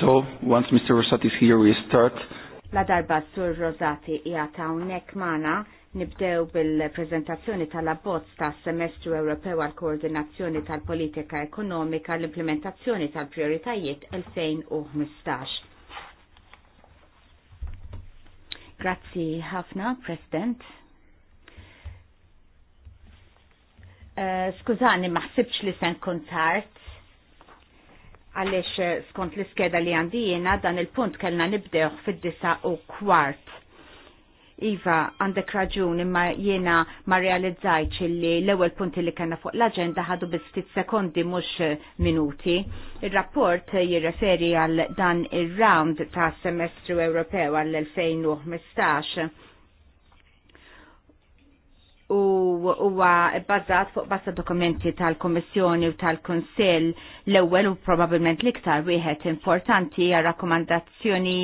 So, once Mr. Rosati is here, we start. La darba sur Rosati ta unnek mana nibdew bil-prezentazzjoni tal-abbozz ta' semestru Ewropew għal koordinazzjoni tal-politika ekonomika l-implementazzjoni tal-prioritajiet 2015. Grazzi ħafna, President. Uh, skużani, maħsibx li sen kontart għalix eh, skont l-iskeda li għandijina dan il-punt kellna nibdeħ fid-disa u kwart. Iva, għandek raġun imma jiena ma realizzajċ li l-ewel punti li kena fuq l-agenda ħadu bistit sekondi mux eh, minuti. Il-rapport eh, jirreferi għal dan il-round ta' semestru Ewropew għal 2015 huwa bbażat fuq bassa dokumenti tal-Kommissjoni u tal-Kunsill l-ewwel u probabbilment l-iktar wieħed importanti hija rakkomandazzjoni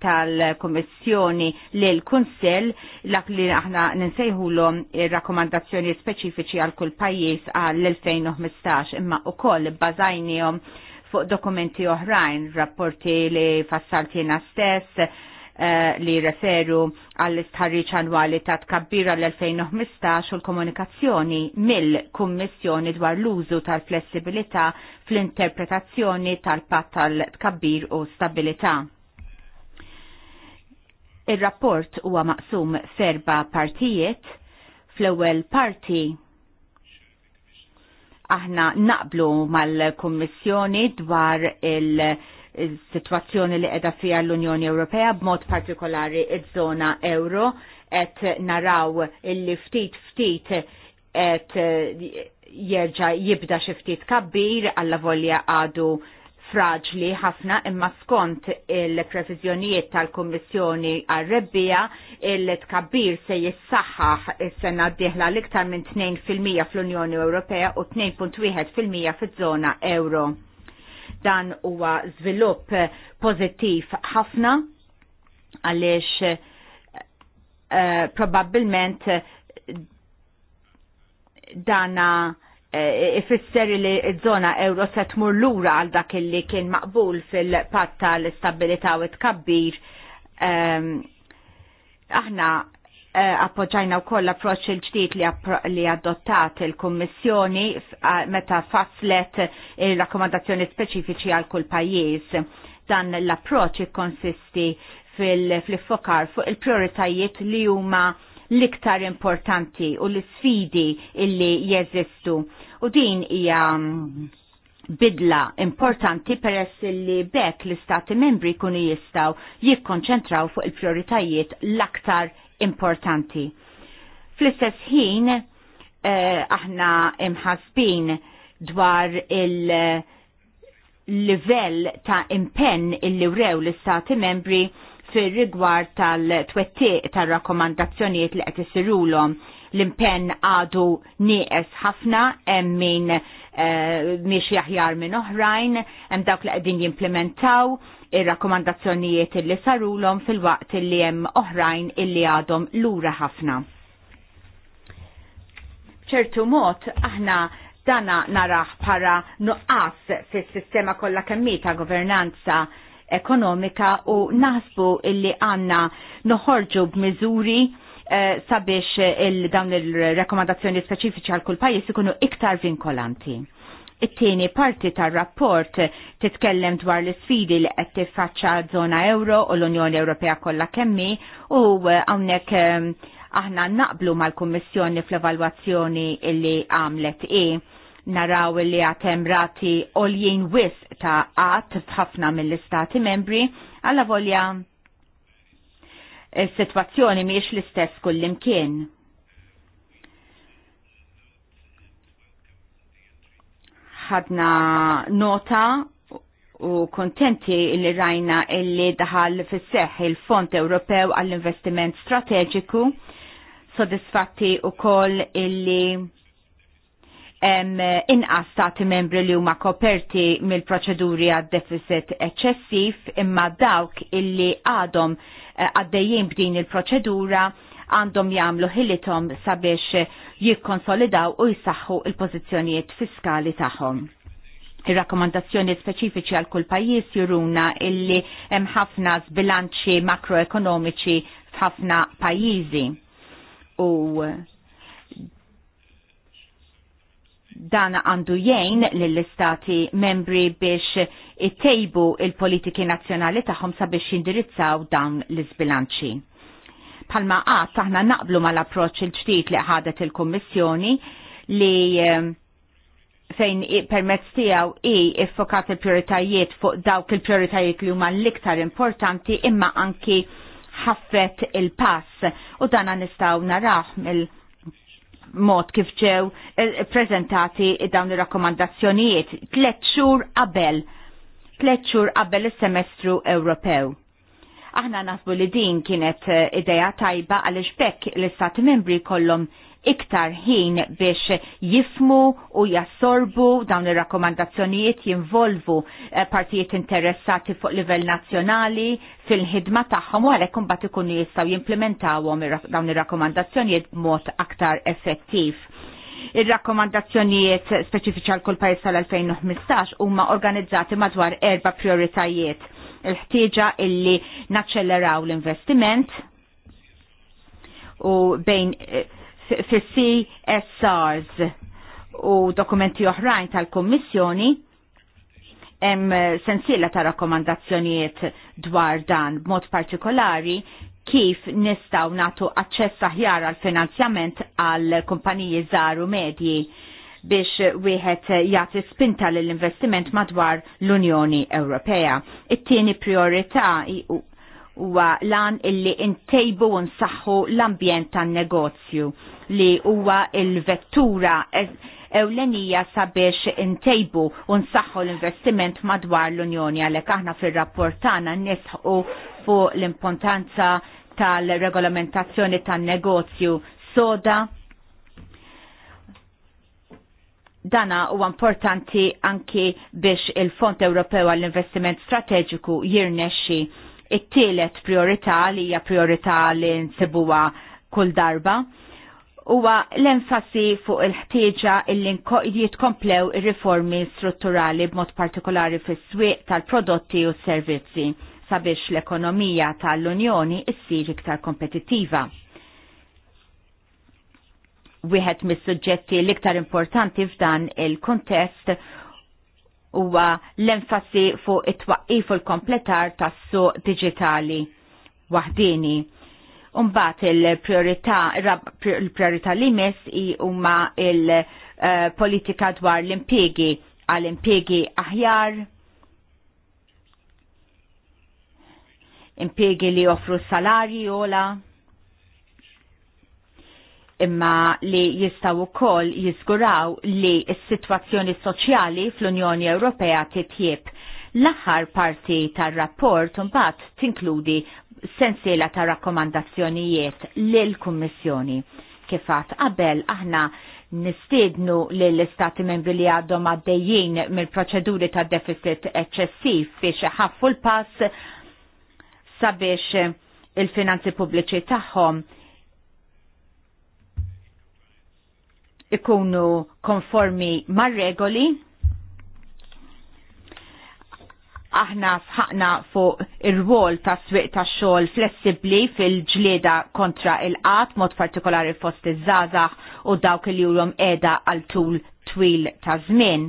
tal kummissjoni lil Kunsell dak li aħna ninsejħulhom ir-rakkomandazzjoni speċifiċi għal kull pajjiż għal 2015 imma wkoll bbażajnihom fuq dokumenti oħrajn, rapporti li fassaltina stess, Eh, li referu għall istħarri annwali ta' tkabbira l-2015 u l-komunikazzjoni mill-Kummissjoni dwar l-użu tal-flessibilità fl-interpretazzjoni tal-pat tal-tkabbir u stabilità. Il-rapport huwa maqsum ferba partijiet. Fl-ewwel parti aħna naqblu mal-Kummissjoni dwar il- il-situazzjoni li edha fija l-Unjoni Ewropea b'mod partikolari id żona euro et naraw illi ftit ftit et jerġa jibda xi ftit kabbir alla volja għadu fraġli ħafna imma skont il-previżjonijiet tal kummissjoni għar-rebbija il-tkabbir se jissaħħaħ is-sena d-dieħla l-iktar minn 2% fil-mija fl-Unjoni Ewropea u 2.1% fiż-żona euro dan huwa żvilupp pożittiv ħafna għaliex uh, probabbilment eh, dana eh, ifisser li ż-żona euro set lura għal dak li kien maqbul fil-patta l-istabilità u tkabbir um, aħna Eh, appoġġajna wkoll approċċ il-ġdid li adottat il-Kummissjoni meta faslet il-rakkomandazzjoni speċifiċi għal kull pajjiż. Dan l-approċċ ikkonsisti fil-fokar fuq il-prioritajiet li huma l-iktar importanti u l-sfidi illi jeżistu. U din hija mm, bidla importanti peress li bekk l-istati membri kunu jistaw jikkonċentraw fuq il-prioritajiet l-aktar importanti. Fl-istess ħin, eh, aħna imħasbin dwar il- livell ta' impenn illi wrew l-istati membri fir rigward tal twetti tal-rakkomandazzjonijiet li qed isirulhom l-impenn għadu nieqes ħafna hemm min Eh, miex jaħjar minn oħrajn, hemm dawk li qegħdin jimplementaw ir-rakkomandazzjonijiet li sarulhom fil-waqt li hemm oħrajn illi għadhom lura ħafna. ċertu mod aħna dana naraħ para nuqqas fis-sistema kollha kemmi ta' governanza ekonomika u naħsbu illi għanna noħorġu b'miżuri Eh, sabiex il-dawn il-rekomandazzjoni speċifiċi għal kull pajjiż ikunu iktar vinkolanti. It-tieni parti tar-rapport titkellem dwar l-sfidi li qed tiffaċċa żona euro u l-Unjoni Ewropea kollha kemmi u eh, hawnhekk eh, aħna naqblu mal-Kummissjoni fl-evalwazzjoni li għamlet i naraw li għatem rati oljien wis ta' għat f'ħafna mill-istati membri għalla volja il-situazzjoni miex l-istess kullimkien. ħadna nota u kontenti li rajna illi daħal fis il-Fond Ewropew għall-Investiment Strateġiku, sodisfatti u koll illi inqas stati membri li huma koperti mill-proċeduri għad deficit eċċessiv imma dawk illi għadhom eh, għaddejjin b'din il-proċedura għandhom jagħmlu ħilithom sabiex jikkonsolidaw u jsaħħu il-pożizzjonijiet fiskali tagħhom. Ir-rakkomandazzjoni speċifiċi għal kull pajjiż juruna illi hemm ħafna bilanċi makroekonomiċi f'ħafna pajjiżi. U dana għandu jgħin lill-istati membri biex ittejbu il-politiki nazzjonali tagħhom sabiex jindirizzaw dawn l izbilanċi Palma għad taħna naqblu mal-approċ il-ġdid li ħadet il-Kommissjoni li ehm, fejn permezz tiegħu i iffokat il-prioritajiet fuq dawk il-prioritajiet li huma l-iktar importanti imma anki ħaffet il-pass u dana nistgħu narah mill- mod kif ġew eh, prezentati dawn ir-rakkomandazzjonijiet tliet xhur qabel tliet xhur qabel is-semestru Ewropew. Aħna nasbu li din kienet eh, ideja tajba għal bekk l-Istati membri kollhom iktar ħin biex jifmu u jassorbu dawn ir-rakkomandazzjonijiet jinvolvu eh, partijiet interessati fuq livell nazzjonali fil-ħidma tagħhom u għalhekk imbagħad ikunu jistgħu jimplementawhom dawn ir-rakkomandazzjonijiet b'mod aktar effettiv. Ir-rakkomandazzjonijiet speċifiċi għal kull pajjiż tal-2015 huma organizzati madwar erba' prioritajiet. Il-ħtieġa illi naċċelleraw l-investiment u bejn eh, fis-CSRs u dokumenti oħrajn tal-Kommissjoni hemm eh, sensiela ta' rakkomandazzjonijiet dwar dan b'mod partikolari kif nistaw natu aċċess aħjar għal finanzjament għal kumpaniji żgħar u medji biex wieħed jagħti spinta lill investiment madwar l-Unjoni Ewropea. It-tieni priorità huwa lan illi intejbu u nsaħħu l-ambjent tan-negozju li huwa il-vettura ewlenija sabiex intejbu saħħu l-investiment madwar l-Unjoni għalek aħna fil-rapport tagħna nisħu fuq l-importanza tal-regolamentazzjoni tan-negozju soda dana u importanti anki biex il-Fond Ewropew għall-Investiment Strateġiku jirnexxi it-tielet priorità li hija priorità li nsibuha kull darba huwa l-enfasi fuq il-ħtieġa illi jitkomplew ir-riformi strutturali b'mod partikolari fis-swieq tal-prodotti u s-servizzi sabiex l-ekonomija tal-Unjoni issir iktar kompetittiva. Wieħed mis-suġġetti l-iktar importanti f'dan il-kontest huwa l-enfasi fuq it-twaqqif u l-kompletar tas-suq diġitali waħdini Umbat il-priorità il li mis i umma il-politika eh, dwar l-impiegi għal-impiegi aħjar, impiegi li offru salari jola. imma li jistaw kol jiżguraw li s-sitwazzjoni soċjali fl-Unjoni Ewropea titjib l-aħħar parti tar-rapport mbagħad tinkludi sensiela ta' rakkomandazzjonijiet lill-Kummissjoni. Kifat qabel aħna nistednu lill-Istati membri li għadhom għaddejjin mill-proċeduri ta' deficit eċċessiv biex ħaffu l-pass sabiex il-finanzi pubbliċi tagħhom ikunu konformi mar-regoli aħna sħaqna fuq ir-rwol ta' swieq ta' xogħol flessibbli fil-ġlieda kontra il-qat mod partikolari fost iż żazax u dawk il jurhom qiegħda għal tul twil ta' żmien.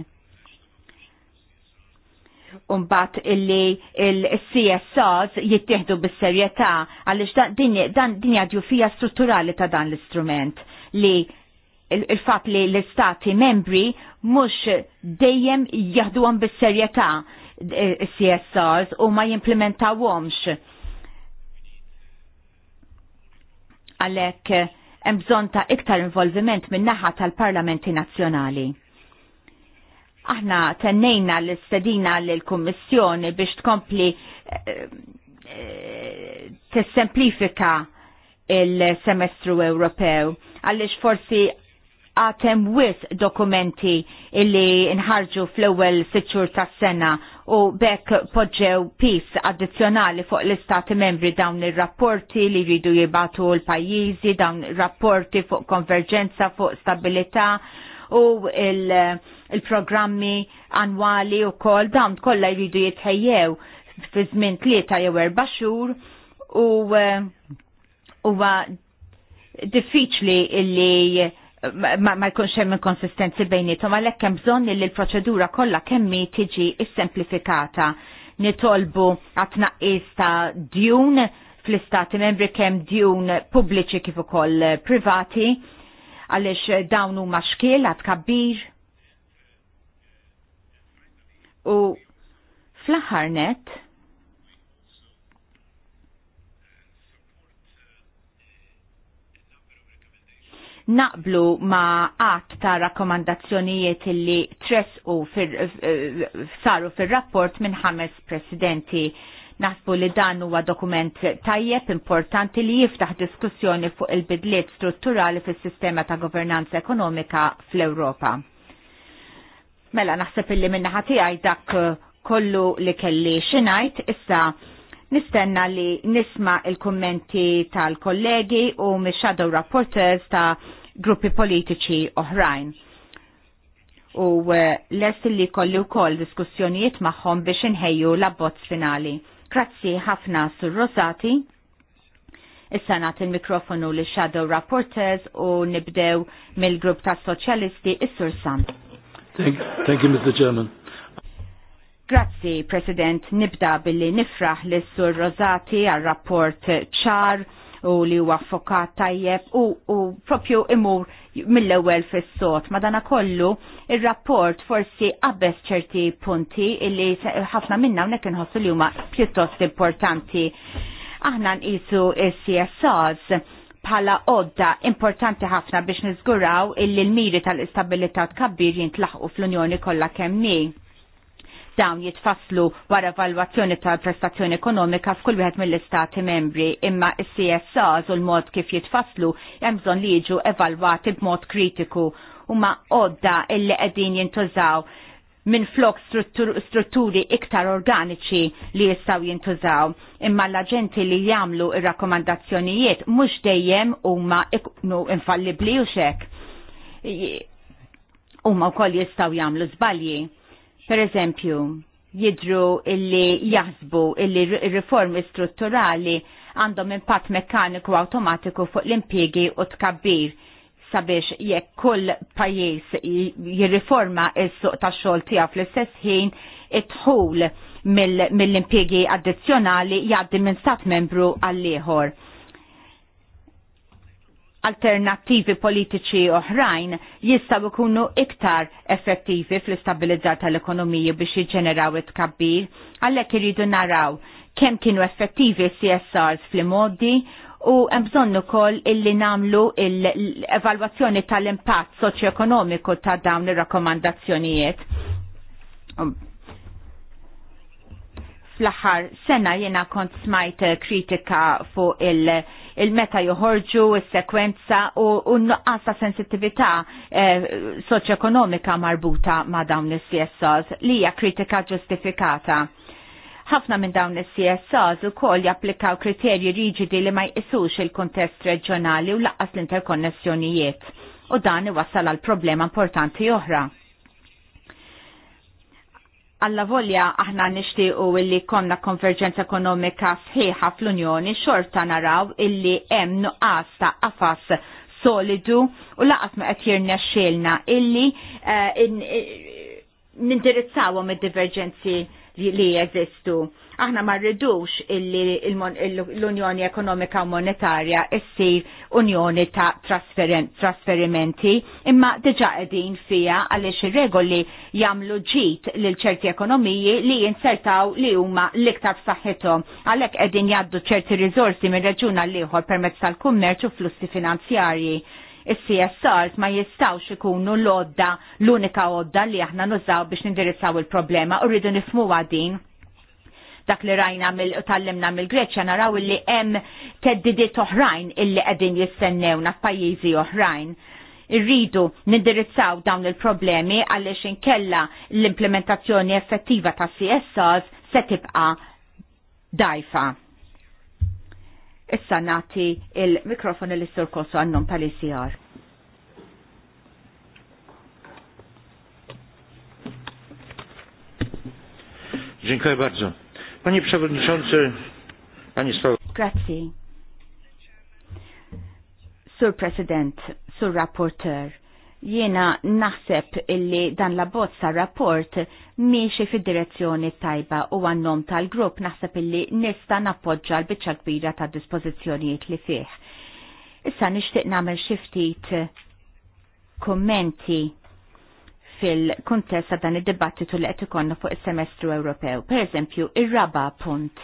Umbat illi il-CSOs jittieħdu bis-serjetà għaliex dan din fija strutturali ta' dan l-istrument li il-fat li l-istati membri mux dejjem jahduwan bis-serjetà CSRs u ma jimplementawhomx. Għalhekk hemm bżonn ta' iktar involviment min naħa tal-Parlamenti Nazzjonali. Aħna tennejna l-istedina l-Kummissjoni biex tkompli eh, eh, t-semplifika il-semestru Ewropew għaliex forsi għatem wis dokumenti illi nħarġu fl ewwel sitxur tas sena u bekk poġġew pis addizzjonali fuq l-istati membri dawn ir-rapporti li jridu jibatu l-pajjiżi, dawn rapporti fuq konverġenza, fuq stabilità u il-programmi il annwali u kol dawn kollha jridu jitħejjew fi żmien tlieta jew erba' xhur u eh, huwa diffiċli illi ma jkunx hemm inkonsistenzi bejnietom għalhekk hemm bżonn li l-proċedura kollha kemmi tiġi issemplifikata. Nitolbu għat ta' djun fl-istati membri kemm djun pubbliċi kif ukoll privati għaliex dawn huma xkiel għad kabbir. U fl-aħħar net, naqblu ma għat ta' rakkomandazzjonijiet li tresqu saru fil-rapport minn ħames presidenti. Nasbu li dan huwa dokument tajjeb importanti li jiftaħ diskussjoni fuq il-bidliet strutturali fis-sistema ta' governanza ekonomika fl-Ewropa. Mela naħseb illi minna ħati dak kollu li kelli xinajt issa Nistenna li nisma il-kommenti tal-kollegi u mis-shadow rapporters ta' gruppi politiċi oħrajn. U eh, lest li kollu kol diskussjonijiet maħħom biex inħejju la abbozz finali. Grazzi ħafna sur Rosati. Issa nagħti il-mikrofonu li shadow rapporters u nibdew mill-grupp tas soċjalisti is-Sur Sam. Thank, thank you, Mr. Chairman. Grazzi, President. Nibda billi nifraħ l sur Rosati għal rapport ċar u li huwa fokat tajjeb u, u propju imur mill-ewwel fis-sot. Madana kollu ir-rapport forsi qabeż ċerti punti illi ħafna minna hawnhekk inħossu li huma pjuttost importanti. Aħna nqisu is-CSRs bħala odda importanti ħafna biex niżguraw illi l-miri tal-istabilità tkabbir jintlaħqu fl-Unjoni kollha kemm dawn jitfasslu wara valwazzjoni tal-prestazzjoni ekonomika f'kull wieħed mill-istati membri imma is-CSAs u l-mod kif jitfasslu hemm bżonn li jiġu evalwati b'mod kritiku ma għodda illi qegħdin jintużaw minn flok strutturi iktar organiċi li jistaw jintużaw, imma l-agenti li jamlu ir-rakkomandazzjonijiet mhux dejjem huma iknu infallibli u xek. Huma wkoll jistaw jamlu żbalji. Per eżempju, jidru illi jaħsbu illi riformi strutturali għandhom impatt mekkaniku automatiku fuq l impiegi u tkabbir sabiex jekk kull pajjiż jirriforma s-suq ta' xogħol tiegħu fl-istess ħin idħul mill impiegi addizzjonali jgħaddi minn stat membru għall ieħor alternattivi politiċi oħrajn jistaw ikunu iktar effettivi fl-istabilizzar tal-ekonomiji biex jiġġeneraw it-kabbir, għallek irridu naraw kemm kienu effettivi CSRs fl-modi u bżonn ukoll illi namlu l-evalwazzjoni tal-impatt soċjoekonomiku ta' dawn ir-rakkomandazzjonijiet fl-aħħar sena jiena kont smajt kritika fuq il- il-meta joħorġu, il-sekwenza u n nuqqasa sensitivita eh, soċ-ekonomika marbuta ma' dawn is-CSOs li hija kritika ġustifikata. Ħafna minn dawn il csos ukoll japplikaw kriterji riġidi li ma jqisux il-kontest reġjonali u laqqas l-interkonnessjonijiet u dan iwassal għal problema importanti oħra Alla volja aħna nishtiqu illi konna konverġenza ekonomika sħiħa fl-Unjoni xorta naraw illi hemm nuqqas ta' qafas solidu u laqas ma qed jirnexxielna illi uh, in, in, eh, nindirizzawhom id-diverġenzi li jeżistu. Aħna ma rridux l-Unjoni Ekonomika u Monetarja issir Unjoni ta' trasferimenti, imma diġa qegħdin fija għaliex ir-regoli jagħmlu ġid lil ċerti ekonomiji li jinsertaw li huma l-iktar f'saħħithom. Għalhekk qegħdin jgħaddu ċerti riżorsi minn reġuna l ieħor permezz tal-kummerċ u flussi finanzjarji Is-CSRs ma jistawx ikunu l-odda, l-unika odda li aħna nużaw biex nindirizzaw il-problema u rridu nifmu għadin dak li rajna mill tallimna mill-Greċja naraw li hemm teddidiet oħrajn illi qegħdin jistennewna f'pajjiżi oħrajn irridu nindirizzaw dawn il-problemi għaliex inkella l-implementazzjoni effettiva ta' CSRs se tibqa' dajfa. Issa nati il-mikrofon l-istur kosu għannum tal-ICR. Dziękuję bardzo. Panie Przewodniczący, Panie Sprawozdawco. Grazie. Sur President, Sur Rapporteur Jiena naħseb illi dan la bozza rapport miexi fid direzzjoni tajba u għannom tal-grupp naħseb illi nista nappoġġa l-bicċa kbira ta' dispożizzjonijiet li fih. Issa nixtieq nagħmel xi ftit kummenti fil-kuntest ta' dan id-dibattitu li qed ikollna fuq is-semestru Ewropew. Pereżempju, ir-raba punt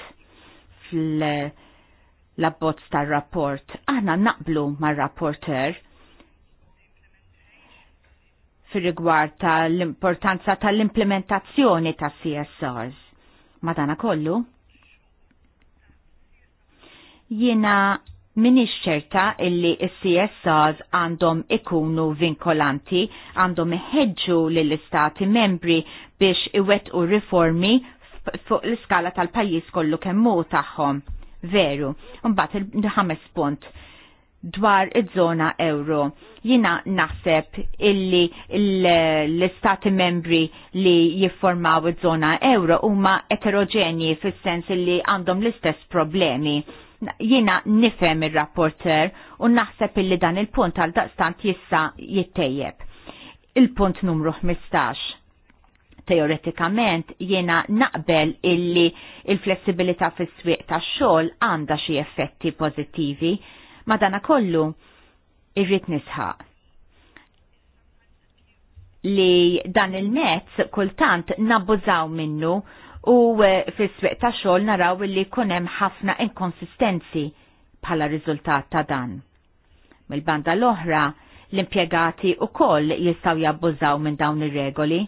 fil-labbozz tar-rapport. Aħna naqblu mar-rapporter fil-rigwar tal-importanza tal-implementazzjoni ta' CSRs. dana kollu, jiena minix ċerta illi s-CSRs għandhom ikunu vinkolanti, għandhom iħedġu l-istati membri biex iwet u riformi fuq l-skala tal-pajis kollu kemmu taħħom. Veru, mbagħad il-ħames punt dwar iż-żona euro. Jina naħseb illi l-istati membri li jifformaw iż-żona euro huma eterogeni fis-sens illi għandhom l-istess problemi. Jina nifhem ir-rapporter u naħseb illi dan il-punt għal daqstant jissa jittejjeb. Il-punt numru 15 teoretikament jiena naqbel illi il-flessibilità fis swieq tax xogħol għandha xi effetti pożittivi, dana kollu irrit nisħaq li dan il-mezz kultant nabbużaw minnu u e, fis-swieq ta' xogħol naraw li kunem ħafna inkonsistenzi bħala riżultat ta' dan. Mill-banda l-oħra, l-impjegati u koll jistaw jabbużaw minn dawn ir-regoli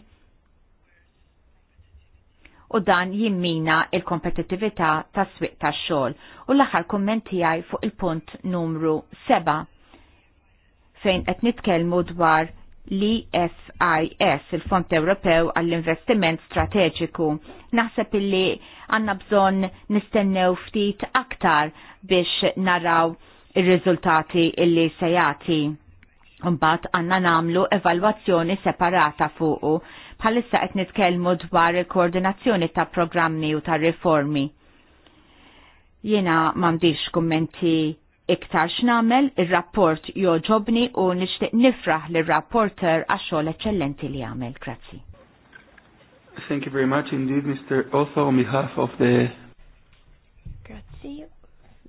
u dan jimmina il-kompetittività tas swieq tax-xogħol. U l-aħħar kumment tiegħi fuq il-punt numru 7 fejn qed nitkellmu dwar l-EFIS, il-Fond Ewropew għall-Investiment Strateġiku. Naħseb illi għanna bżon nistennew ftit aktar biex naraw il-riżultati illi sejati. Mbagħad għandna namlu evalwazzjoni separata fuqu bħalissa qed nitkellmu dwar il-koordinazzjoni ta' programmi u ta' riformi. Jiena m'għandix kummenti iktar x'namel, ir-rapport joġobni u nixtieq nifraħ lir-rapporter għax-xogħol eċċellenti li għamel. Grazzi. Thank you very much indeed, Mr. Otho, on behalf of the... Grazzi.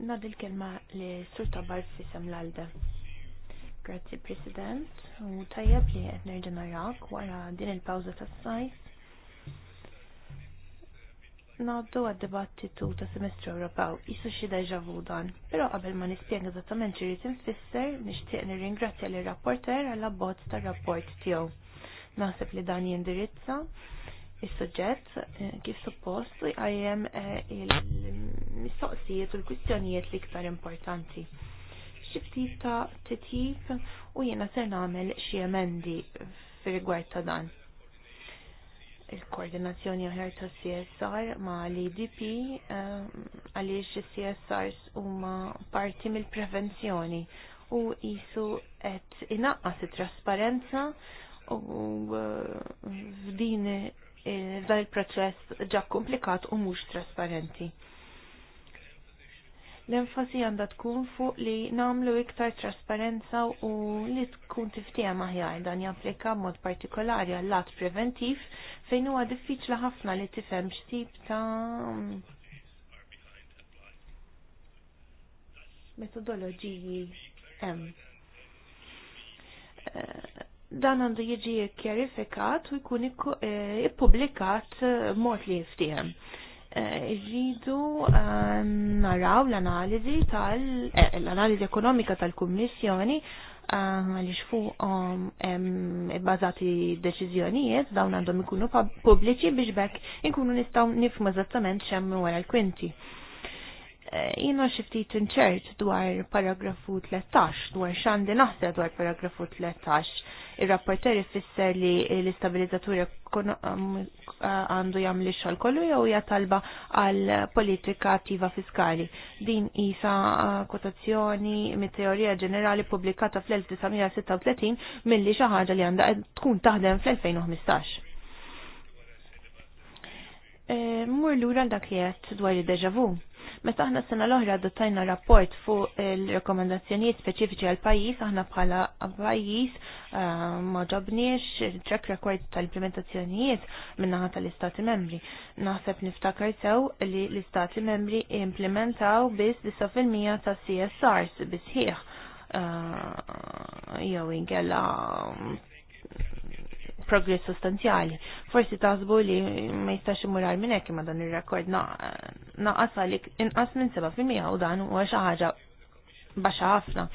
Nadil kelma li Sur barfi sam lalda. Grazzi President, u tajjeb li qed nerġa' narak wara din il-pawża tas-sajf. Naddu għad-dibattitu ta' semestru Ewropew isu xi deja vu dan, però qabel ma nispjega eżattament x-rid infisser nixtieq nirringrazzja lir rapporter għal abbozz tar-rapport tiegħu. Naħseb li dan jindirizza is-suġġett eh, kif suppost u jqajjem eh, il-mistoqsijiet u l-kwistjonijiet l-iktar importanti ċiftif ta' titjib u jiena ser nagħmel xi emendi fil rigward ta' dan. Il-koordinazzjoni oħra ta' CSR ma' l-IDP eh, għaliex is-CSRs huma parti mill-prevenzjoni u jisu qed inaqqas it-trasparenza u eh, f'din f'dan il-proċess ġa komplikat u mhux trasparenti. L-enfasi għandha tkun fuq li namlu iktar trasparenza u li tkun tiftija maħjar dan japplika mod partikolari għall-lat preventiv fejn huwa diffiċli ħafna li tifhem x'tip ta' metodoloġiji hemm. Eh, dan għandu jiġi kjerifikat u jkun eh, ippubblikat eh, mod li jiftieħem. Irridu ehm, naraw l-analiżi tal eh, l-analiżi ekonomika tal-Kummissjoni eh, għaliex fuqhom ehm, bbażati deċiżjonijiet dawn għandhom ikunu pubbliċi biex bekk inkunu nistgħu nifhmu eżattament x'hemm wara l-kwinti. Eh, jina xiftit inċert dwar paragrafu 13, dwar xandi naħseb dwar paragrafu 13. Il-rapporteri fisser li l-istabilizzaturi għandu li xol kollu jew hija talba għal politika attiva fiskali. Din isa kotazzjoni mit teorija ġenerali publikata fl-1936 milli xi ħaġa li għandha tkun taħdem fl-2015. Eh, Mur lura dak l-dakjet dwar il deja vu Meta aħna s-sena l-oħra adottajna rapport fuq il-rekomendazzjonijiet speċifiċi għal pajjiż, aħna bħala pajjiż eh, ma ġobniex il-track record tal-implementazzjonijiet minnaħa tal-Istati membri. Naħseb niftakar sew li l-Istati membri implementaw biss 9% ta' CSRs bisħieħ uh, eh, jew inkella progress sostanzjali. Forsi taħsbu li ma jistax imurar minn hekk ma dan ir-rekord naqas għalik inqas minn 7% u dan huwa xi ħaġa baxxa ħafna.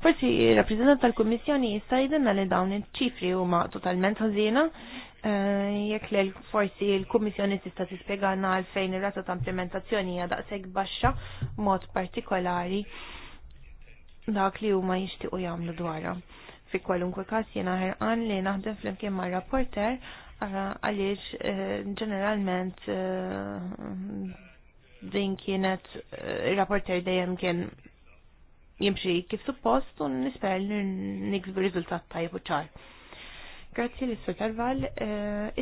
Forsi rappresentant tal-Kummissjoni jista' jidilna li dawn iċ-ċifri huma totalment ħażina eh, jekk l forsi l-Kummissjoni tista' tispjegana għalfejn ir-rata ta' implementazzjoni hija daqshekk baxxa mod partikolari dak li huma jixtiequ jagħmlu dwarha. Fi kwalunkwe kas jena ħerqan li naħdem flimkien ma' rapporter għaliex eh, ġeneralment eh, din kienet eh, rapporter dejjem kien jimxi kif suppost u nisper li niksbu riżultat tajb u ċar. Grazzi l sur Carval,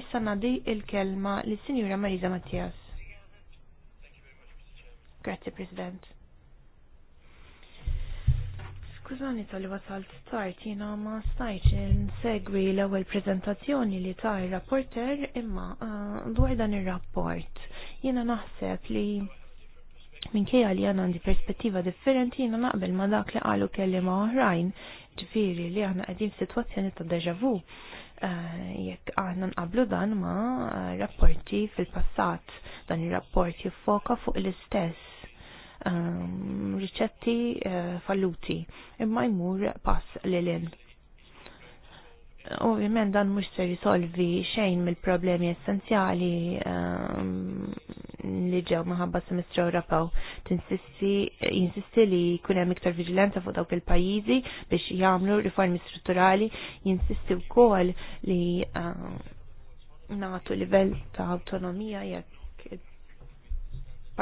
issa nadi il-kelma s sinjura Marisa Mattias. Grazzi President. Skużani tal-li wasalt tard, jina ma stajċ insegwi l-ewel prezentazzjoni li ta' il-rapporter imma ah, dwar dan il-rapport. Jina naħseb li minkejja li għana għandi perspettiva differenti jina naqbel ma dak li għalu kelli ma oħrajn ġifiri li għana għedin situazzjoni ta' deja vu. Ah, jekk għana nqablu dan ma ah, rapporti fil-passat dan il-rapport jiffoka fuq l-istess Ehm, riċetti eh, falluti imma jmur pass lilin. Ovvjament dan mhux se risolvi xejn mill-problemi essenzjali ehm, li ġew maħabba semestru Ewropew. Jinsisti li jkun hemm iktar viġilenza fuq dawk il-pajjiżi biex jagħmlu riformi strutturali, jinsisti wkoll li ehm, nagħtu livell ta' awtonomija jekk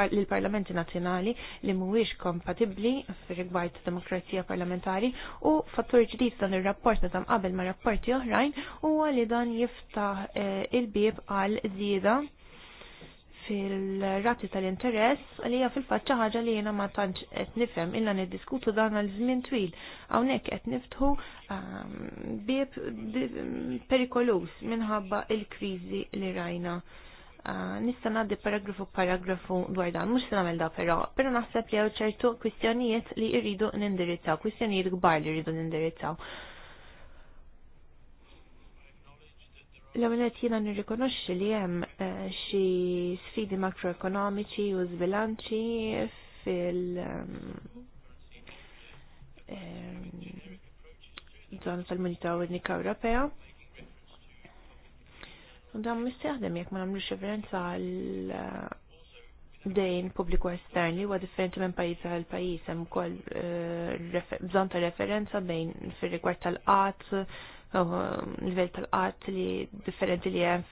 l-parlamenti nazjonali li mhuwiex kompatibbli rigward demokrazija parlamentari u fattur ġdid dan ir-rapport meta qabel ma' rapporti oħrajn huwa li dan jiftaħ eh, il-bieb għal żieda fil-rati tal-interess li hija fil-fatt xi ħaġa li jiena ma tantx qed nifhem illa niddiskutu dan għal żmien twil. Hawnhekk qed niftħu ehm, bieb perikoluż minħabba il-kriżi li rajna Ah, nista' ngħaddi paragrafu paragrafu dwar dan, mhux se nagħmel da però, però naħseb li hawn ċertu kwistjonijiet li jridu nindirizzaw, kwistjonijiet kbar li jridu nindirizzaw. L-ewwel qed jiena nirrikonoxxi li hemm eh, xi sfidi makroekonomiċi u żbilanċi fil żona ehm, ehm, tal-Munita Unika Ewropea U dan mis jek jekk ma nagħmlux referenza għal eh, dejn estern li huwa differenti minn pajjiż għal pajjiż hemm ukoll eh, bżonn ta' referenza bejn fir-rigward tal-qatt eh, livell tal-qatt li differenti li hemm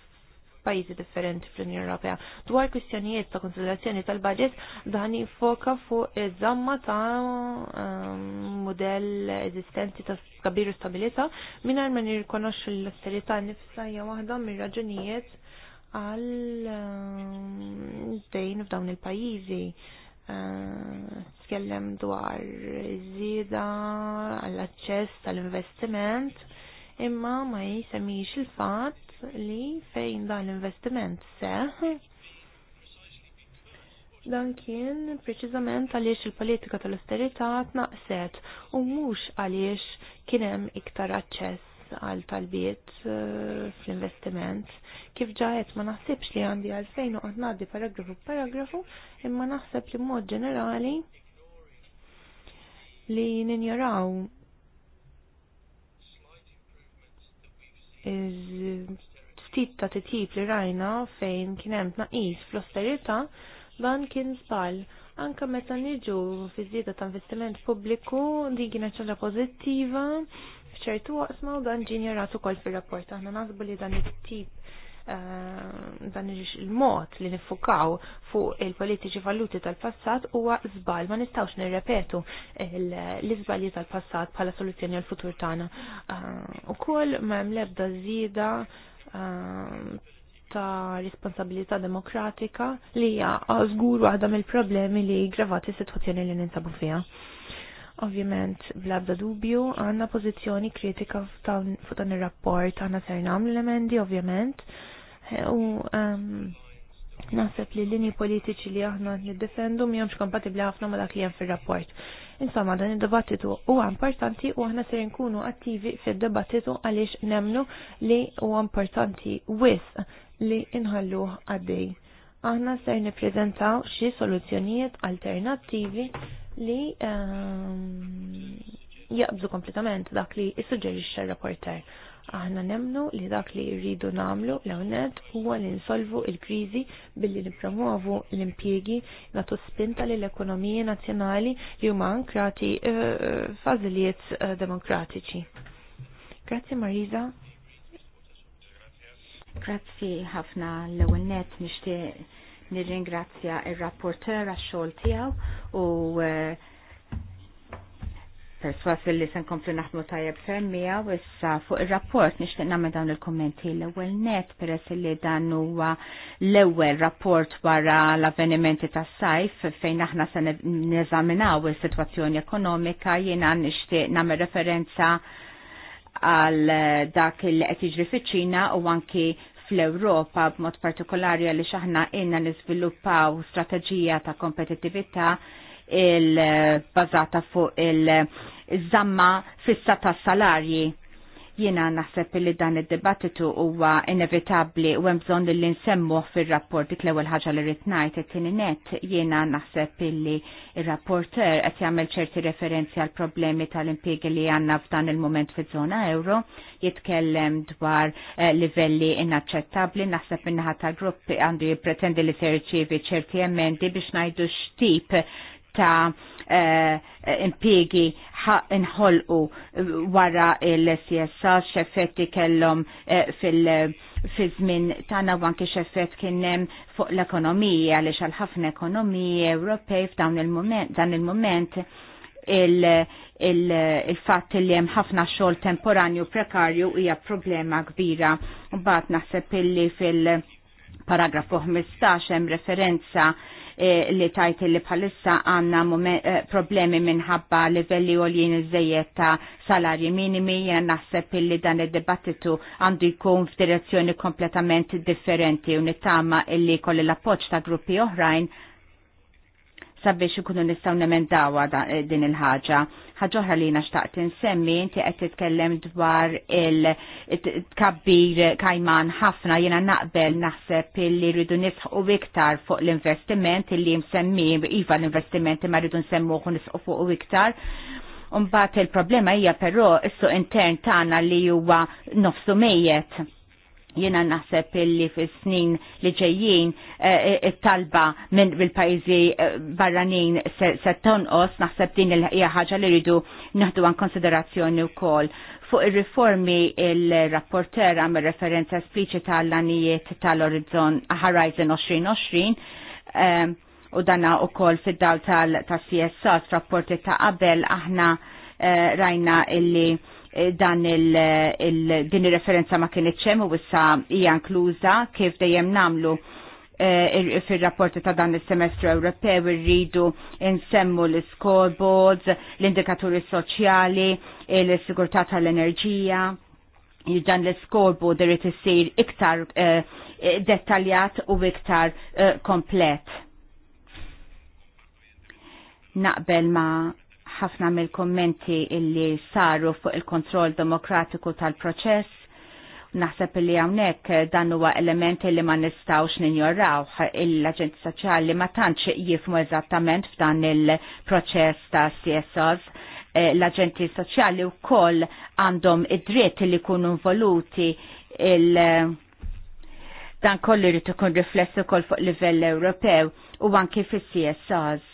pajjiżi differenti fl-Unjoni Ewropea. Dwar kwistjonijiet ta' konsiderazzjoni tal-budget dan jifoka fuq iż-żamma ta' modell ehm, eżistenti ta' skabiru stabilita mingħajr ma nirrikonoxxu l-austerità nifsa hija waħda mir-raġunijiet għal ehm, dejn f'dawn il-pajjiżi ehm, tkellem dwar żieda għall-aċċess tal-investiment imma ma jisemmix il-fatt li fejn dan l-investiment se. dan kien preċiżament għaliex il-politika tal-austerità tnaqset u mhux għaliex kien hemm iktar aċċess għal talbiet eh, fl-investiment. Kif ġajet ma naħsibx li għandi għalfejn uqgħod ngħaddi paragrafu paragrafu, imma naħseb li mod ġenerali li ninjaraw ftit ta' titjib li rajna fejn kien hemm fl osterita dan kien żball. Anka meta niġu fi żieda ta' investiment pubbliku din kienet ċaġa pożittiva f'ċertu waqsma u dan ġin jarat ukoll fir-rapport. Aħna naħsbu li dan it-tip eh, dan il-mod li nifukaw fuq il-politiċi valuti tal-passat huwa żbal ma nistawx nirrepetu l-iżbalji tal-passat bħala soluzzjoni għal futur tagħna. Eh, u kol l-ebda zida Ehm, ta' responsabilità demokratika li hija żgur waħda mill-problemi li gravati s-sitwazzjoni li ninsabu fiha. Ovvjament, blabda dubju, għanna pożizzjoni kritika fuq dan ir-rapport, għanna ser nagħmlu l-emendi, ovvjament, u um, Naħseb li l-linji politiċi li aħna niddefendu jomx kompatibli ħafna ma dak li hemm fir-rapport. Insomma, dan id-dibattitu huwa importanti u aħna ser nkunu attivi fid-dibattitu għaliex nemnu li huwa importanti wis li inħalluh għaddej. Aħna ser nippreżentaw xi soluzzjonijiet alternattivi li um, jaqbżu kompletament dak li jissuġġerixxa r-rapporter. Aħna nemnu li dak li rridu namlu l-għonet huwa li nsolvu il-krizi billi nipromuovu l impiegi natu spinta li l-ekonomiji nazjonali li huma ankrati eh, fażiliet eh, demokratiċi. Grazie Marisa. Grazzi ħafna l-għonet nishti nirringrazzja il-rapporter għax-xol tijaw u uh, perswas li se nkomplu naħdmu tajjeb fermija u issa fuq ir-rapport nixtieq nagħmel dawn il-kummenti l-ewwel net peress li dan huwa l-ewwel rapport wara l-avvenimenti tas-sajf fejn aħna se neżaminaw is-sitwazzjoni ekonomika jiena nixtieq nagħmel referenza għal dak il qed jiġri fiċ-Ċina u anki fl ewropa b'mod partikolari għalli xaħna inna nizviluppaw strategija ta' kompetitività il-bazata fuq il-zamma fissa ta' salarji. Jiena naħseb li dan id-dibattitu huwa inevitabbli u hemm bżonn li nsemmuh fir-rapport dik l-ewwel ħaġa li rid ngħid it-tieni net jiena naħseb illi ir-rapporter qed jagħmel ċerti referenzi għal problemi tal-impjiegi li għandna f'dan il-mument fiż-żona euro, jitkellem dwar eh, livelli inaċċettabbli, naħseb in-naħa tal-grupp għandu jippretendi li se jirċievi ċerti emendi biex ngħidu x'tip ta' eh, eh, impiegi inħolqu wara il-CSA x'effetti kellhom eh, fil- fi żmien tagħna u anke x'effett kien hemm fuq l-ekonomija għaliex għal ħafna ekonomiji Ewropej f'dan il moment dan il-mument il-fatt li hemm ħafna xogħol temporanju prekarju hija problema kbira. Mbagħad naħseb illi fil- paragrafu 15 hemm referenza Eh, li tajt li bħalissa għanna eh, problemi minħabba livelli għoljien iżejjed ta' salari minimi jena naħseb illi dan il-dibattitu għandu jkun f'direzzjoni kompletament differenti u nittama illi kolli l-appoċ ta' gruppi oħrajn sabiex ikunu nistgħu nemendawa eh, din il-ħaġa. Ħaġa oħra li naxtaqt insemmi inti qed titkellem dwar il-tkabbir kajman ħafna jiena naqbel naħseb li rridu nisħu iktar fuq l-investiment illi msemmi iva l-investiment ma rridu nsemmuħu nisħu fuq iktar. Umbat il-problema hija però issu suq intern tagħna li huwa nofsu mejjed Jiena naħseb illi fis-snin li ġejjin eh, eh, it-talba minn il-pajjiżi eh, barranin se tonqos naħseb din il-ħija ħaġa li rridu naħdu għan konsiderazzjoni wkoll. Fuq ir-riformi il-rapporter għamel referenza spliċita għall-anijiet tal-Horizon Horizon 2020 u dana u kol fid-dal tal-CSS rapporti ta' qabel aħna rajna illi Eh, dan il, il din ir-referenza ma kienet hemm u issa hija inkluża kif dejjem namlu E, eh, fil-rapporti ta' dan il-semestru Ewropew irridu insemmu l-scoreboards, l-indikaturi soċjali, l-sigurtà tal-enerġija. Dan l-scoreboard irrid isir iktar eh, dettaljat u iktar komplet. Naqbel ma' ħafna mill-kommenti illi saru fuq il-kontroll demokratiku tal-proċess. Naħseb li hawnhekk dan huwa element li ma nistgħux ninjorawh l-aġenti soċjali ma tantx jifmu eżattament f'dan il-proċess ta' CSOs eh, l-aġenti soċjali wkoll għandhom id-dritt li jkunu involuti il- dan kollu jrid ikun riflessu kol fuq livell Ewropew u anki fis csos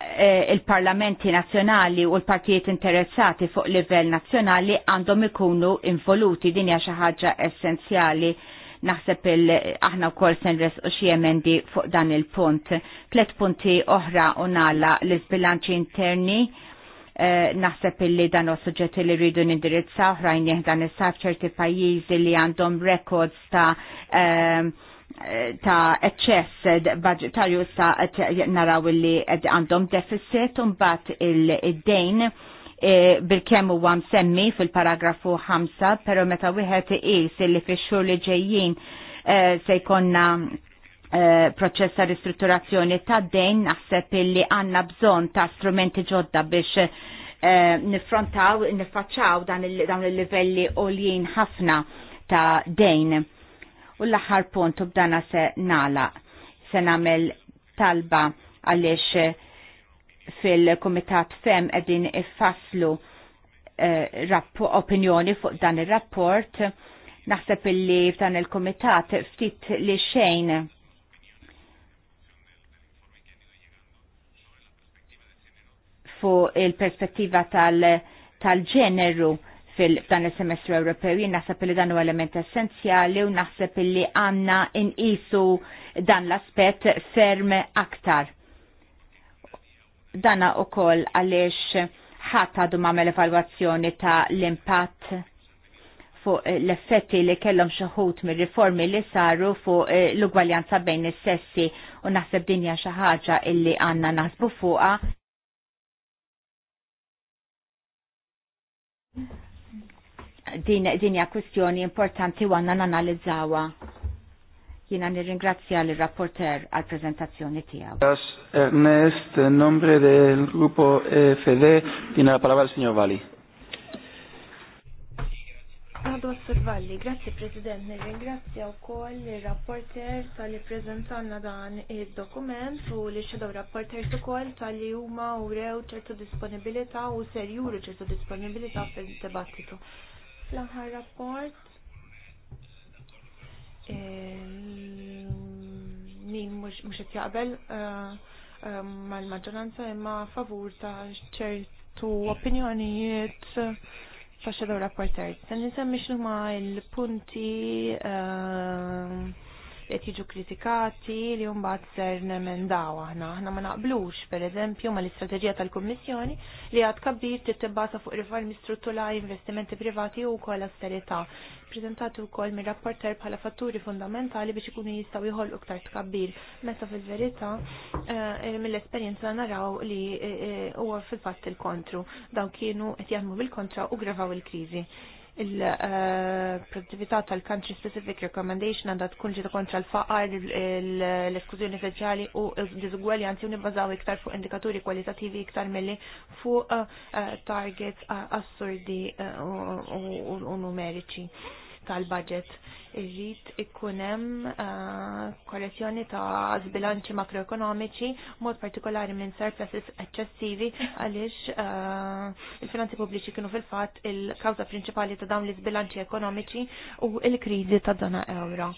Eh, il-parlamenti nazjonali u l-partijiet interessati fuq livell nazjonali għandhom ikunu involuti din hija xi ħaġa essenzjali naħseb il aħna wkoll se nresqu xi emendi fuq dan il-punt. Tlet punti oħra u nala l izbilanċi interni eh, naħseb illi dan u suġġetti li rridu nindirizza oħrajn jihdan is ċerti pajjiżi li għandhom records ta' eh, ta' eċċess budgetarju sa' naraw li għandhom deficit un bat il-dejn e, bil-kemm huwa msemmi fil-paragrafu 5, pero meta wieħed iqis li fix-xhur li ġejjin e, se jkollna e, proċess ta' ristrutturazzjoni ta' dejn naħseb li għandna bżonn ta' strumenti ġodda biex nifrontaw, nifaċċaw dawn il-livelli oljien ħafna ta' dejn U l-aħħar pontu b'dana se nala se namel talba għaliex eh, fil-Komitat Fem edin ifasslu eh, opinjoni fuq dan il-rapport. Naħseb illi f'dan il-Komitat ftit li xejn fuq il-perspettiva tal-ġeneru. Tal fil-dan il-semestru Ewropew. Jien naħseb li dan u element essenzjali u naħseb li għanna inqisu dan l-aspet ferm aktar. Dana u għaliex għalix ħat għadu ma' evalwazzjoni ta' l-impatt fuq l-effetti li kellhom xaħut mir riformi li saru fuq eh, l-ugwaljanza bejn is-sessi u naħseb dinja xi ħaġa illi għandna naħsbu fuqha din dinja kwestjoni importanti għanna nanalizzawa. Jina nirringrazzja l rapporter għal prezentazzjoni tijaw. Għas Ernest, nombre del grupo e FD, tiene la palabra el signor Valli. Għadu għassur Valli, grazie President, nirringrazzja u koll il-rapporter tal-li prezentanna dan il-dokument u li xedaw rapporter su koll tal-li huma u rew ċertu disponibilita u serjuru ċertu disponibilita fil-debattitu. Fl-aħħar rapport min mhux qed jaqbel eh, eh, mal-maġġoranza imma favur ta' ċertu opinjonijiet ta' xedew rapporter. Sen nisemmi x'huma l-punti eh, qed jiġu kritikati li mbagħad ser nemendaw aħna. Aħna ma naqblux pereżempju mal istrateġija tal-Kummissjoni li għad kabbir titbasa fuq riformi strutturali, investimenti privati u wkoll austerità. Preżentati wkoll mir rapporter bħala fatturi fundamentali biex ikunu jistgħu jħolqu iktar tkabbir. Meta fil-verità eh, mill-esperjenza naraw li eh, eh, huwa fil-fatt il-kontru. Dawn kienu qed jaħdmu bil-kontra u gravaw il-kriżi il-produttività tal-country specific recommendation għandha tkun ġita kontra l-faqar, l-eskużjoni soċjali u l-diżugwaljanzi u nibbażaw iktar fuq indikaturi kwalitativi iktar milli fuq eh, targets eh, assurdi eh, u numeriċi tal-budget. Irrid ikun hemm eh, korrezzjoni ta' zbilanċi makroekonomiċi, mod partikolari minn surpluses eċċessivi għaliex eh, il-finanzi pubbliċi kienu fil-fatt il-kawża prinċipali ta' dawn l-iżbilanċi ekonomiċi u l-kriżi ta' dona euro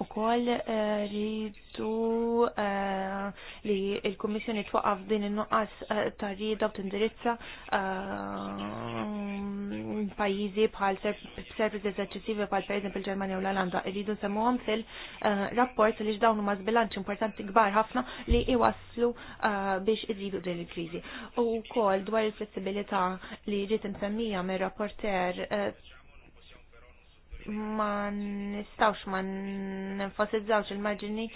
ukoll eh, rridu eh, li l-Kummissjoni twaqqaf din in-nuqqas eh, ta' rida u tindirizza pajjiżi bħal services eċċessivi bħal pereżempju bil ġermanja u l-Olanda rridu nsemmuhom fil-rapport li x'dawn huma żbilanċ importanti kbar ħafna li iwasslu biex iżidu din il-kriżi. U wkoll dwar il-flessibilità li ġiet insemmija mir-rapporter ma nistawx ma nenfasizzawx il-marġini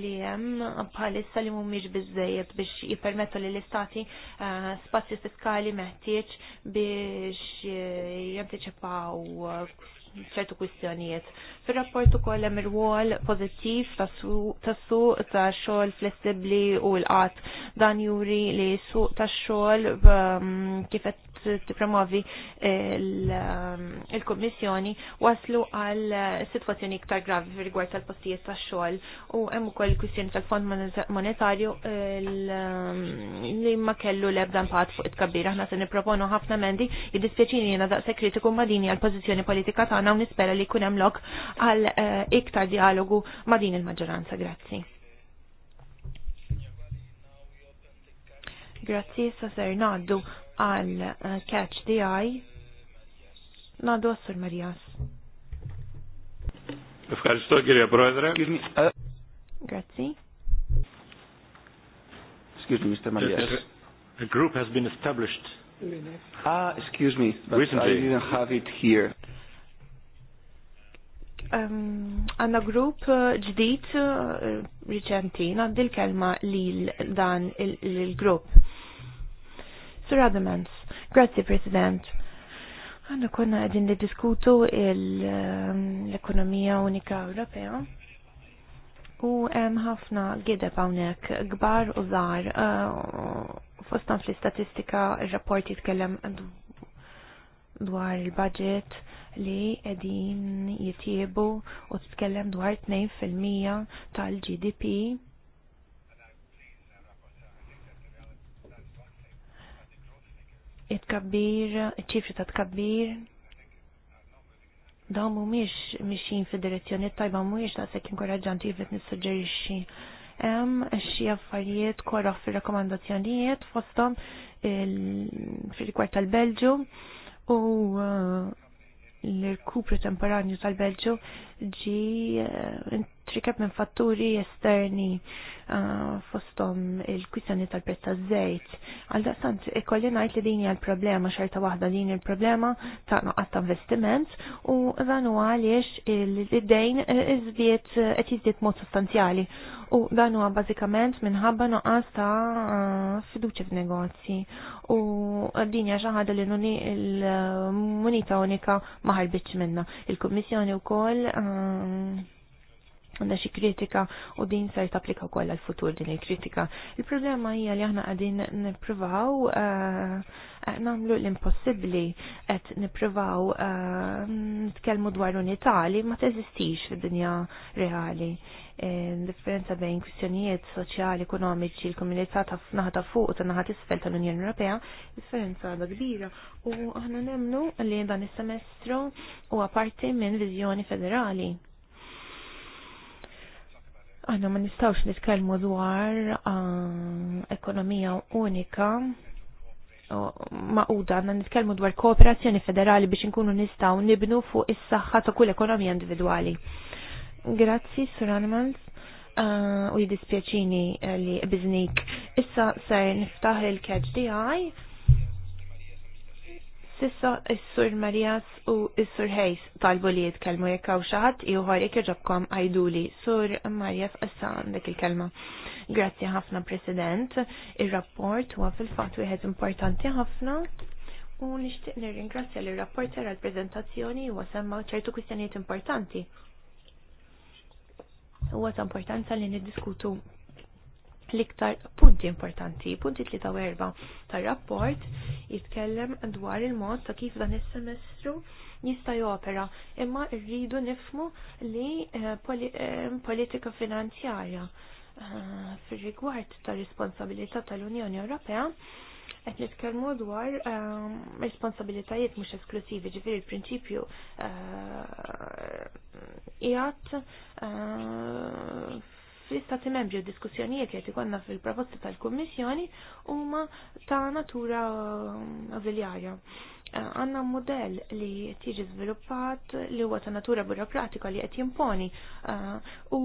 li hemm bħalissa li mhumiex biżejjed biex jippermettu li l-istati eh, spazju fiskali meħtieġ biex eh, jantiċipaw ċertu kwistjonijiet. Fil-rapport ukoll hemm ir-wol pożittiv tas suq ta' xogħol flessibbli u l-qatt dan juri li suq tax-xogħol ehm, kif qed tippromovi l ehm, kummissjoni waslu għal sitwazzjoni iktar gravi rigward tal-postijiet tax-xogħol u hemm ukoll kwistjoni tal-Fond Monetarju ehm, li ma kellu l-ebda impatt fuq it-kabbir. Aħna se nipproponu ħafna mendi jiddispjaċini jiena daqshekk kritiku ma' dini għal pożizzjoni politika tagħna tagħna u nispera li jkun hemm lok għal eh, iktar dialogu ma' din il-maġġoranza. Grazzi. Grazzi, sa ser naddu għal eh, Catch the Eye. Naddu għassur Marjas. Ευχαριστώ κύριε Excuse me, eh. Mr. Marias. A group has been established. Ah, excuse me, but recently. I didn't have it here għanna grupp eh, ġdijt eh, riċenti għaddi l-kelma li dan il-grupp. Sir Adamans, grazie President. Għanna konna għedin li diskutu l-ekonomija unika Ewropea. U hemm ħafna gideb hawnhekk gbar u żgħar eh, fostan fl-istatistika ir rapporti jitkellem dwar il-budget li edin jitjibu u tkellem dwar 2% tal-GDP. It-kabbir, ċifri ta' tkabbir, dawn mhumiex miexin fid-direzzjoni tajba mhumiex ta' sekk inkoraġġanti jifet nissuġġerixxi hemm xi affarijiet korra fir-rakkomandazzjonijiet fosthom fil-kwart tal-Belġu u uh, l-irkupru temporanju tal-Belġu ġi eh, trikab minn fatturi esterni uh, fostom il-kwissjoni tal-prezz ta' żejt Għal daqstant, ikolli ngħid li din hija l-problema xorta waħda din il-problema ta' noqqas ta' investiment u dan huwa għaliex il dejn eh, iżdied qed jiżdied mod sostanzjali. U dan huwa bażikament minħabba noqqas ta' fiduċi f'negozji. U din hija xi ħaġa li l-munita unika ma ħarbitx minnha. Il-Kummissjoni wkoll uh, kulħadd xi kritika u din se jtapplika wkoll għall-futur din il-kritika. Il-problema hija li aħna qegħdin nippruvaw eh, nagħmlu l-impossibbli qed nippruvaw eh, nitkellmu dwar unità li ma teżistix fid-dinja reali eh, differenza bejn kwistjonijiet soċjali, ekonomiċi, l-komunità ta' naħa fuq u ta' naħa isfel tal-Unjoni Ewropea, differenza għadha kbira. U aħna nemmnu li dan is-semestru huwa parti minn viżjoni federali. Aħna ma nistawx nitkellmu dwar ah, ekonomija unika maquda għanna nitkellmu dwar kooperazzjoni federali biex inkunu nistaw nibnu fuq is-saħħa ta' kull ekonomija individwali. Grazzi, Sur Animals, ah, u jidispjaċini eh, li biznik. Issa ser niftaħ il-catch DI Sissa is-Sur Marijas u is-Sur Hejs talbu li jitkellmu jekk hawn xi ħadd ieħor jekk irġobkom għajduli. Sur Marjas issa għandek il-kelma. Grazzi ħafna President. Ir-rapport huwa fil-fatt wieħed importanti ħafna u nixtieq nirringrazzja rapport rapporter għall preżentazzjoni u semma ċertu kwistjonijiet importanti. Huwa ta' importanza li niddiskutu l-iktar punti importanti. Punti 3 u erba' tar-rapport jitkellem dwar il-mod ta' kif dan is-semestru jista' jopera, imma rridu nifmu li eh, eh, politika finanzjarja eh, fir-rigward ta' responsabilità tal-Unjoni Ewropea qed nitkellmu dwar responsabilitajiet mhux esklusivi, ġifieri l-prinċipju qiegħed fl-istati membri u diskussjonijiet li ikonna fil proposti tal-Kummissjoni huma ta' natura um, avviljarja. Eh, għanna model li tiġi żviluppat li huwa ta' natura burokratika li qed jimponi eh, u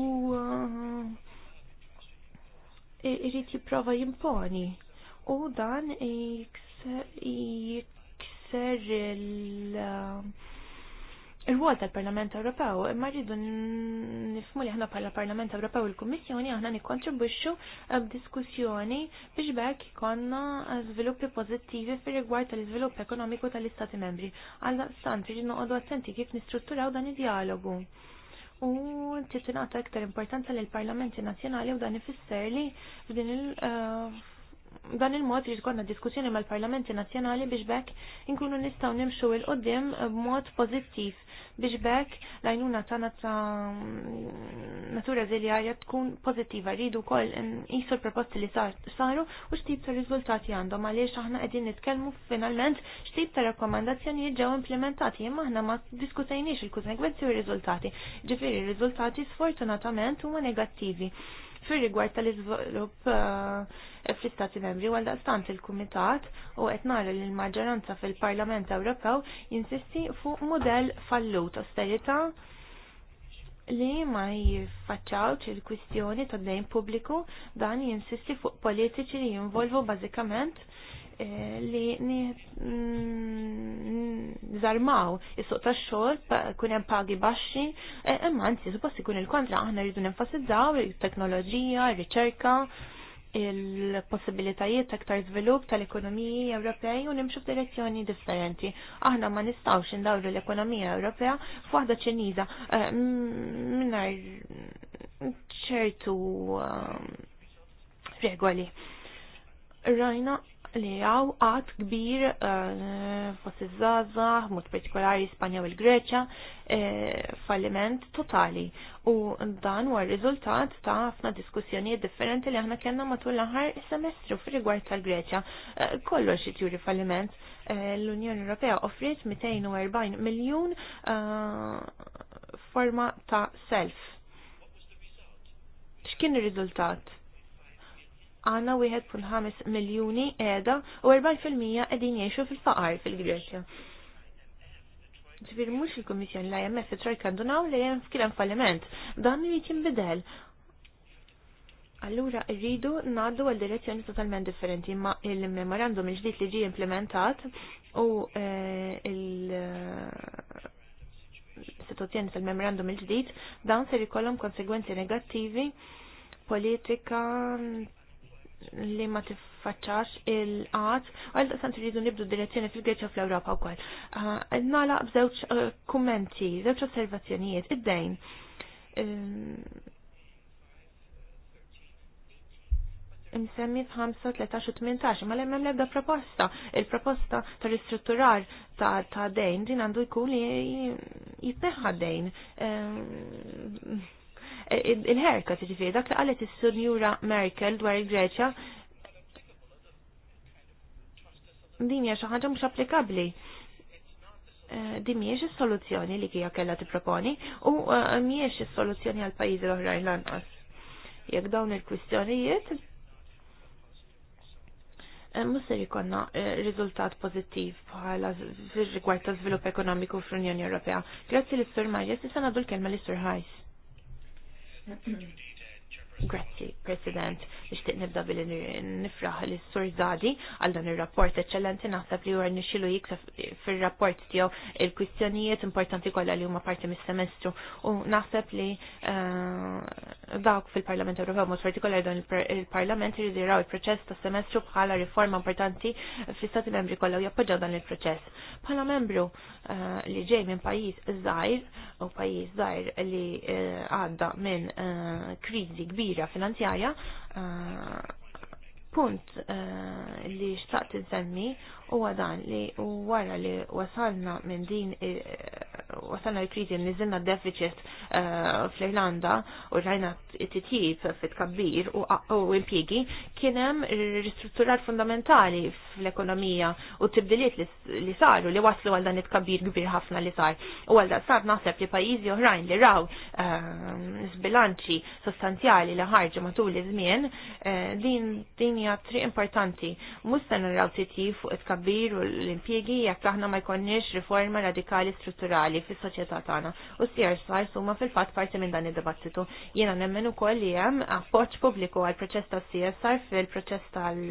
eh, irrid jipprova jimponi u dan jikser il- Il-wol tal-Parlament Ewropew, imma rridu nifmu li aħna bħala Parlament Ewropew il-Kummissjoni aħna nikkontribwixxu eh, b'diskussjoni biex bekk ikonna żviluppi eh, pożittivi fir-rigward tal-iżvilupp ekonomiku tal-Istati Membri. Għal stant rridu noqogħdu attenti kif nistrutturaw dan id-dialogu. U titinata aktar importanza lill parlamenti nazzjonali u dan ifisser li f'din il- eh, dan il-mod li tkollna diskussjoni mal-Parlamenti Nazzjonali biex bekk inkunu nistgħu nimxu il qoddim b'mod pożittiv biex bekk l-għajnuna tagħna ta' natura żiljarja tkun pożittiva. Rridu wkoll qisu l-proposti li saru u x'tip ta' riżultati għandhom għaliex aħna qegħdin nitkellmu finalment x'tip ta' rakkomandazzjonijiet ġew implementati imma aħna ma diskutejniex il-konsekwenzi u r-riżultati. Ġifieri r-riżultati sfortunatament huma negattivi fir-rigward tal-iżvilupp eh, fl-Istati Membri għal daqstant il-Kumitat u qed nara li l-maġġoranza fil-Parlament Ewropew jinsisti fuq modell fallut austerita li ma jiffaċċawx il-kwistjoni tad dejn pubbliku dan jinsisti fuq politiċi li jinvolvu bażikament Eh, li nizarmaw mm, is-suq tax-xogħol kun hemm pagi baxxi, eh, imma anzi suppost ikun il-kontra aħna rridu nenfasizzaw it-teknoloġija, il riċerka il-possibilitajiet ta' aktar żvilupp tal-ekonomiji Ewropej u nimxu f'direzzjoni differenti. Aħna ma nistgħux indawru l-ekonomija Ewropea f'waħda Ċiniża eh, mingħajr ċertu regoli. Rajna li għaw għat kbir eh, fos iż-żaza, mut partikolari Spanja u l-Greċa, eh, falliment totali. U dan huwa riżultat ta' ħafna diskussjonijiet differenti li aħna kellna matul l-aħħar semestru fir-rigward tal-Greċa. Eh, kollox jitjuri falliment. L-Unjoni Ewropea offriet 240 miljun forma ta' self. X'kien ir-riżultat? għanna 1.5 miljoni edha u 40% edin jiexu fil-faqar fil-Greċja. Ġifir mux il-Komissjoni l-IMF it-trojka ndunaw li jem f'kilem falliment. Dan li bidel. Allura rridu naddu għal direzzjoni totalment differenti ma il-memorandum il ġdijt li ġi implementat u e, il- e, situazzjoni tal-memorandum il-ġdid, dan se ikollhom konsegwenzi negattivi politika li ma tiffaċċax il-qat, għal da sant rridu nibdu direzzjoni fil-Greċja fl-Ewropa u koll. Ah, Nala bżewċ eh, kummenti, bżewċ osservazzjonijiet, id-dejn. Imsemmi ehm, f'5, 13 u 18, ma l-emmem lebda proposta. Il-proposta ta' ristrutturar ta', ta dejn din għandu jkun li jitneħħa dejn. Ehm, il-herka tiġifieri dak li qalet is-Sunjura Merkel dwar il-Greċja din hija xi ħaġa mhux applikabbli. Eh, din mhijiex is-soluzzjoni li hija kellha tipproponi u eh, mhijiex is-soluzzjoni għal pajjiżi l-oħrajn lanqas. Jekk dawn il-kwistjonijiet eh, musser jikonna riżultat pozittiv bħala rigward ta' żvilupp ekonomiku fl-Unjoni Ewropea. Grazzi l-Istur Marja, s-sana l kelma l-Istur Hajs. Grazzi, President. Nixtieq nibda billi nifraħ li s-sur Zadi għal dan ir-rapport eċċellenti naħseb li għar nixilu jiksa fir-rapport tiegħu il-kwistjonijiet importanti kollha li huma parti mis-semestru u naħseb li eh, dawk fil-Parlament Ewropew mod partikolari dan il-Parlament irid jiraw il-proċess ta' semestru bħala riforma importanti fl-Istati membri kollha jappoġġaw dan il-proċess. Bħala membru eh, li ġej minn pajjiż żgħir u pajjiż żgħir li eh, għadda minn eh, kriżi kbira finanzjarja, punt li xtaqt insemmi huwa dan li wara li wasalna minn din wasalna l-krizi nizzilna deficit eh, fl-Irlanda u rajna t tip fit-kabbir u impiegi kienem ristrutturar fundamentali fl-ekonomija u t-tibdiliet li saru li waslu għal dan it-kabbir kbir ħafna li sar u għal sar naħseb li pajizi oħrajn li raw eh, sbilanċi sostanzjali li ħarġu matul iż-żmien eh, din hija triq importanti l se t-tip fuq it-kabbir u l-impjiegi jekk aħna ma jkollniex riforma radikali strutturali fis-soċjetà tagħna. U CR Stars huma fil-fatt parti minn dan id-dibattitu. Jiena nemmen ukoll li hemm appoġġ pubbliku għal proċess ta' CSR fil-proċess tal-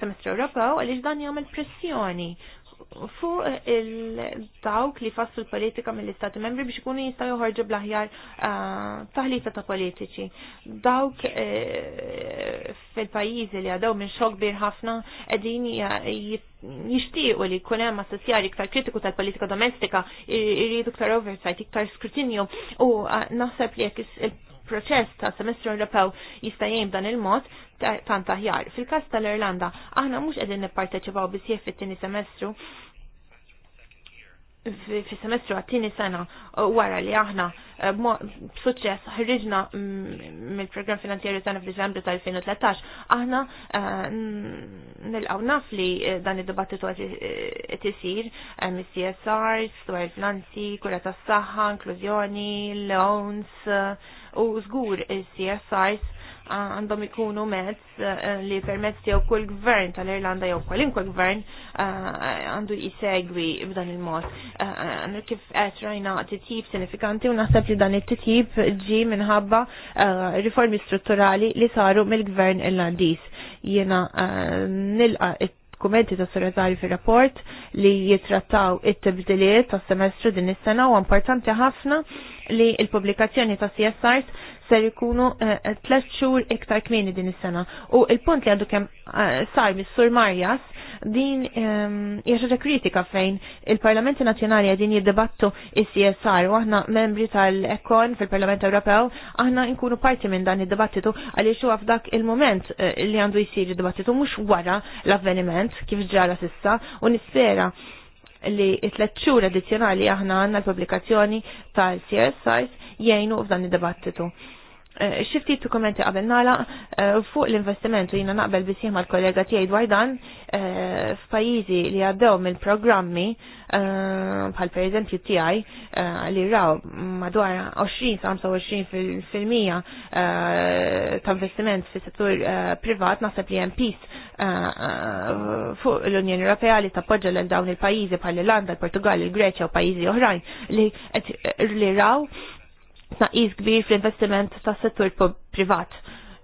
semestru Ewropew għaliex dan jagħmel pressjoni fuq il-dawk li fassu l-politika mill-Istati membri biex ikunu jistaw joħorġu blaħjar ah, taħlita ta' politiċi. Dawk eh, fil-pajizi li għadaw minn xok bir ħafna edin jishtiqu li kunem assessjar iktar kritiku tal-politika domestika, irridu iktar oversight, iktar skrutinju u ah, naħseb li jekk il-proċess ta' semestru Ewropew jista' jgħim dan il-mod, tant aħjar. Fil-każ tal-Irlanda, aħna mhux qegħdin nipparteċipaw bisjef fit-tieni semestru fi semestru għattini sena wara li aħna eh, b'suċċess ħriġna mill-programm finanzjarju sena f'Diċembru tal-2013, aħna eh, nilqgħu naf li eh, dan id-dibattitu qed isir mis-CSR, dwar finanzi kura tas-saħħa, inklużjoni, loans u żgur is-CSRs għandhom ikunu mezz eh, li permezz tiegħu kull gvern tal-Irlanda jew kwalinkwe gvern eh, għandu jisegwi b'dan il-mod. Eh, kif qed rajna titjib sinifikanti u naħseb li dan it-titjib ġi minħabba riformi strutturali li saru mill-gvern Irlandiż. Jiena nilqa kumenti ta' s-sorazari fi rapport li jitrattaw it-tibdiliet ta' semestru din is-sena u importanti ħafna li l-pubblikazzjoni ta' CSRs ser ikunu eh, tlet xhur iktar kmieni din is-sena. U il-punt li għandu kemm eh, sar mis-Sur Marjas din ehm, hija kritika fejn il-Parlamenti Nazzjonali din jiddebattu is-CSR u aħna membri tal-Ekon fil-Parlament Ewropew aħna nkunu parti minn dan id-dibattitu għaliex huwa f'dak il-moment eh, li għandu jsir id-dibattitu mhux wara l-avveniment kif ġara sissa u nispera li it-tlet xhur addizzjonali aħna għandna l-pubblikazzjoni tal csr jgħinu f'dan id-dibattitu. Xifti tu kommenti qabel nala eh, fuq l-investimentu jina naqbel bisjem mal kollega tijaj dwajdan dan eh, f'pajizi li għaddew mill-programmi eh, bħal per eżempju tijaj li raw madwar 20-25% ta' investiment fi settur privat naħseb li hemm pis fuq l-Unjoni Ewropea li tappoġġa l dawn il-pajjiżi bħal l-Irlanda, l-Portugal, il-Greċja u pajjiżi oħrajn li raw tnaqis kbir fl-investiment ta' settur privat.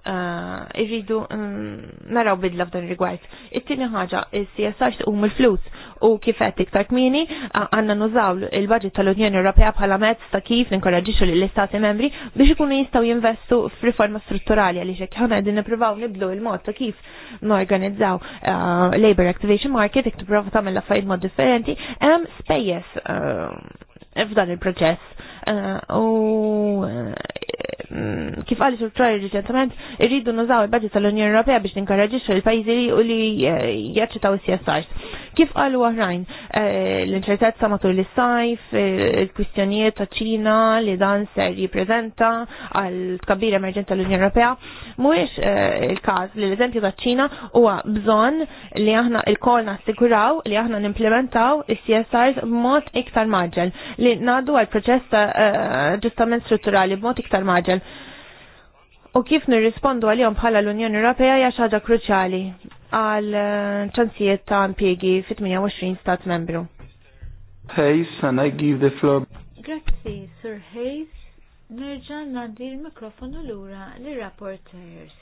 Uh, irridu um, naraw bidla f'dan rigward. It-tieni ħaġa, is-CSR tqum il-flus u kifet iktar kmini għanna nużaw il-budget tal-Unjoni Ewropea bħala mezz ta' kif ninkoraġġixu lill istati membri biex ikunu jistgħu jinvestu f'riforma strutturali għaliex hekk ħana qegħdin nippruvaw niblu il-mod ta' kif norganizzaw uh, labor activation market, jekk tipprova tagħmel affarijiet mod differenti, hemm spejjeż uh, f'dan il-proċess Eh, u eh, kif għalli sul trajr riċentament, irridu nużaw il-budget tal-Unjoni Ewropea biex ninkarraġiċu il-pajzi li eh, jaċċitaw CSRs. Kif qalu oħrajn, eh, l-inċertezza matul l-sajf, eh, il-kwistjonijiet ta' ċina li dan ser jippreżenta għal tkabbir emerġenta l-Unjoni Ewropea, mhuwiex eh, il-każ li l-eżempju ta' ċina huwa bżonn li aħna il-kol nassiguraw li aħna nimplementaw is-CSRs b'mod iktar maġġel li ngħaddu għal proċess ta' ġustament strutturali b'mod iktar maġġel u kif nirrispondu għalihom bħala l-Unjoni Ewropea hija xi ħaġa kruċjali għal eh, ċansijiet ta' impiegi fit-28 stat membru. Hayes, and I give the floor. Grazzi, Sir Hayes. Nerġa' nandi l-mikrofonu lura lir-rapporters.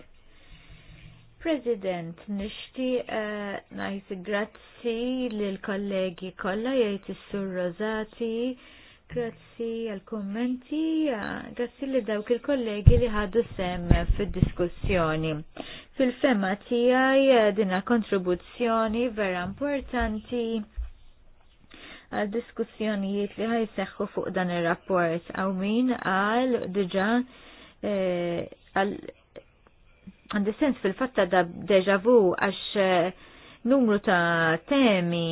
President, nishti uh, eh, najt grazzi l-kollegi kolla jajt il-sur Rosati Grazzi għal kommenti, eh, grazzi li dawk il-kollegi li ħadu sem fil-diskussjoni. Fil-fema tijaj eh, dina kontribuzzjoni vera importanti għal diskussjonijiet li ħajseħħu fuq dan il-rapport għaw min għal diġa eh, għal għandi sens fil-fatta da deja vu għax numru ta' temi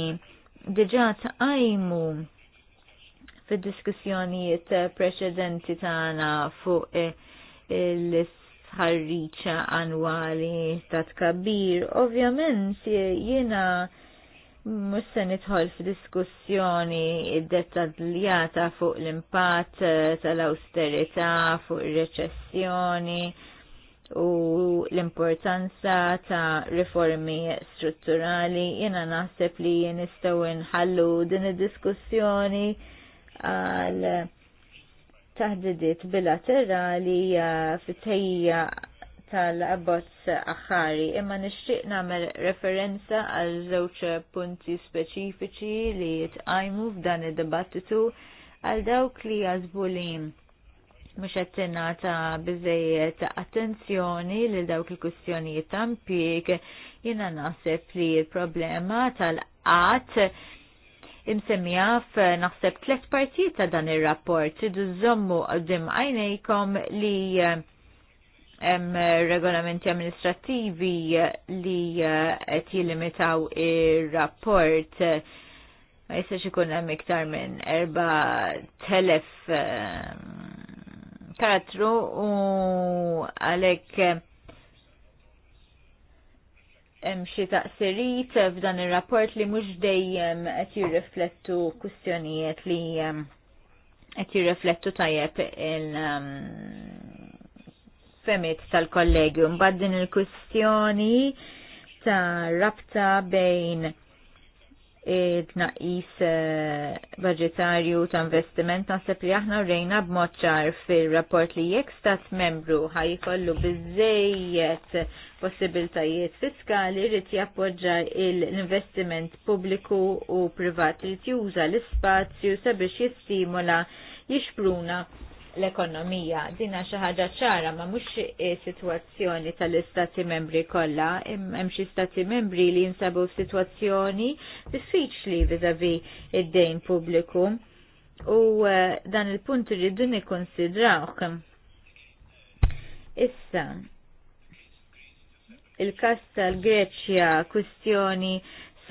diġa ta' ajmu fil diskussjonijiet eh, preċedenti tagħna fuq eh, l sħarriċa annwali ta' tkabbir. Ovvjament eh, jiena mux se nidħol f'diskussjoni dettaljata fuq l-impatt tal-austerità, fuq ir-reċessjoni u l-importanza ta' riformi strutturali. Jena naħseb li nistgħu nħallu din id-diskussjoni għal taħdidiet bilaterali fit-tejja tal-abbozz aħħari imma nixtieq nagħmel referenza għal żewġ punti speċifiċi li jitqajmu f'dan id-dibattitu għal dawk li jazbu li mhux qed tingħata biżejjed attenzjoni lil dawk il-kwistjonijiet tampik jiena naħseb li l-problema tal-qatt imsemmija f'naħseb tlet partijiet ta' dan ir-rapport. Tridu żommu qudiem għajnejkom li eh, hemm regolamenti amministrativi li eh, qed jilimitaw ir-rapport ma jistax ikun hemm iktar minn erba' telef eh, karattru u għalhekk hemm xi taqsirit f'dan ir-rapport li mhux dejjem qed jirriflettu kwistjonijiet li um, qed jirriflettu tajjeb il um, femit tal-kollegium. Bad din il-kwistjoni ta' rabta bejn id-naqis eh, budgetarju ta' investiment naħseb li aħna rejna b'moċċar fil-rapport li jekk stat membru ħajkollu bizzejiet possibiltajiet fiskali rrit jappoġġa l-investiment pubbliku u privat rrit juża l-ispazju sabiex jistimola jixpruna l-ekonomija. Dina xi ħaġa ċara ma mhux sitwazzjoni tal-istati membri kollha, hemm xi stati membri li jinsabu f'sitwazzjoni diffiċli vizavi id-dejn pubbliku. U eh, dan il-punt rridu nikkonsidrawh. Issa, il-kas tal-Greċja kwistjoni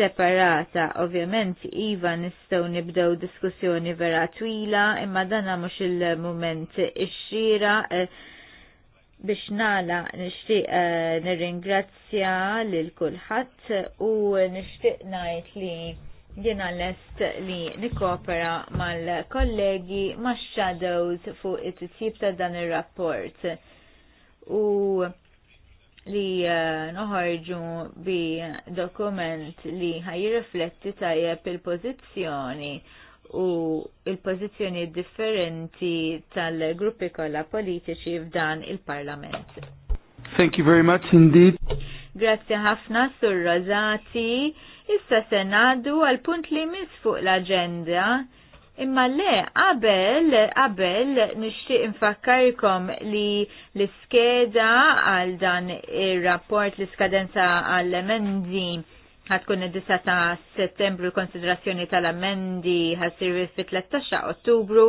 separata. Ovvjament, Iva nistgħu nibdew diskussjoni vera twila, imma dana mhux il-moment ix-xira eh, biex nala nixtieq eh, nirringrazzja lil kulħadd u nixtieq ngħid li jiena lest li nikopera mal-kollegi ma' shadows fuq it-tip ta' dan ir-rapport. U li eh, noħarġu bi dokument li ħajrifletti tajjeb il-pozizjoni u il-pozizjoni differenti tal-gruppi kollha politiċi f'dan il-Parlament. Thank you very much indeed. Grazzi ħafna sur Rosati. Issa se għal punt li mis fuq l agenda Imma le, qabel, qabel nixtieq infakkarkom li l-iskeda għal dan ir-rapport l-iskadenza għall-emendi ħatkun id-9 ta' settembru konsiderazzjoni tal-emendi ħasir fit-13 ottubru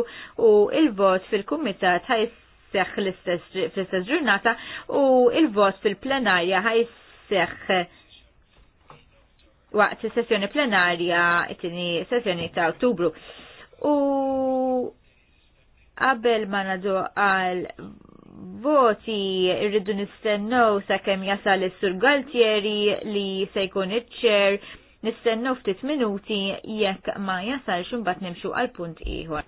u il-vot fil-kumitat ħajseħ fl-istess ġurnata u il-vot fil-plenarja ħajseħ waqt sessjoni plenarja it-tini sessjoni ta' ottubru u qabel ma nadu għal voti irridu nistennew sakemm jasal is-Sur Galtieri li se jkun iċ-ċer nistennew ftit minuti jekk ma jasalx imbagħad nimxu għal punt ieħor.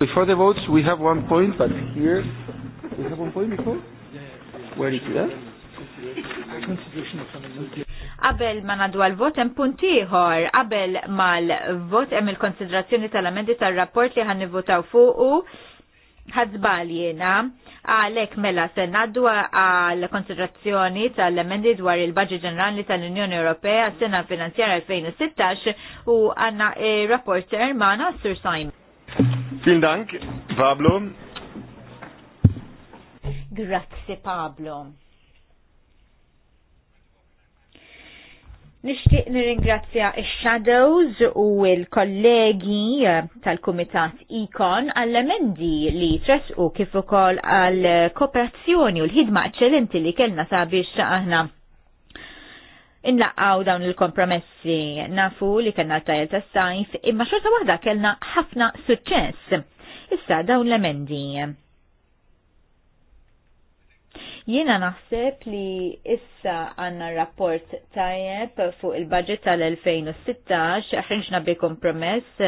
Before the votes, we have one point, but here we have one point before. Where is that? Qabel ma nadu għal-vot hemm punt ieħor, qabel mal-vot hemm il-konsiderazzjoni tal-amendi tar-rapport li ħan nivvotaw u ħadżbal jiena għalek mela se naddu għal konsiderazzjoni tal amendi dwar il-Budget Ġenerali tal-Unjoni Ewropea sena finanzjara 2016 u għanna eh, rapporter ma' Sir Simon. Vielen Dank, Pablo. Grazie, Pablo. Nishtiq nirringrazzja il-Shadows u il-kollegi eh, tal-Kumitat Ikon għall-emendi li u kif ukoll għall-kooperazzjoni u l-ħidma eċċellenti li kellna sabiex aħna inlaqaw dawn il-kompromessi nafu li kellna tajl ta' sajf imma xorta waħda kellna ħafna suċċess. Issa dawn l-emendi. Jiena naħseb li issa għanna rapport tajjeb fuq il-budget tal-2016 ħrinxna bi kompromess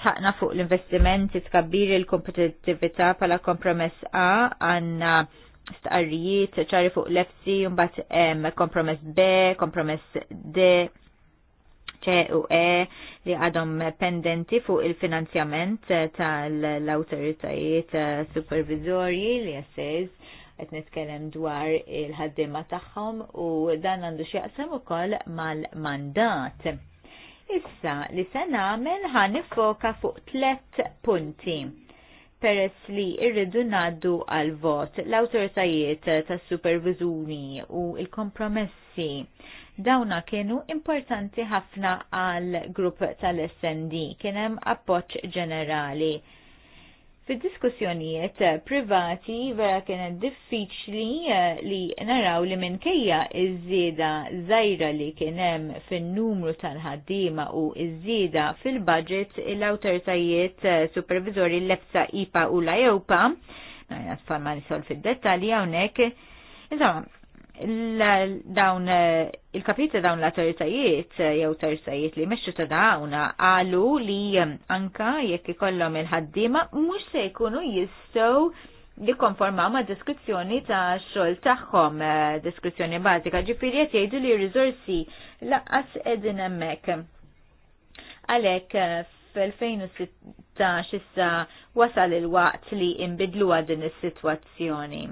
sħaqna fuq l-investimenti tkabbir il kompetitivita pala kompromess A għanna stqarrijiet ċari fuq l-FC, mbagħad kompromess B, kompromess D, C u E li għadhom pendenti fuq il-finanzjament eh, tal-awtoritajiet eh, supervizorji li jessejż qed nitkellem dwar il-ħaddiema tagħhom u dan għandu x'jaqsam ukoll mal-mandat. Issa li se nagħmel ħanifoka fuq tliet punti peress li irridu naddu għal vot l-autoritajiet tas supervizuri u il-kompromessi. Dawna kienu importanti ħafna għal grupp tal-SND, kienem appoċ ġenerali. Fid-diskussjonijiet eh, privati vera kienet diffiċli eh, li naraw li minkejja iż-żieda żajra li kien hemm fin-numru tal-ħaddiema u iż-żieda fil-budget l-awtoritajiet eh, supervizori l-EFSA IPA u l-EUPA, najna tfal ma nisol fid-dettalji hawnhekk, Insomma, dawn eh, il-kapitli dawn l-autoritajiet eh, jew autoritajiet li mexxu ta' dawna għalu li eh, anka jekk ikollhom il-ħaddiema mhux se jkunu jistgħu jikkonformaw ma' diskussjoni ta' xogħol tagħhom, diskussjoni bażika, ġifieri qed jgħidu li r-riżorsi laqas qegħdin hemmhekk. Għalhekk f-2016 issa wasal il-waqt li imbidlu din is-sitwazzjoni.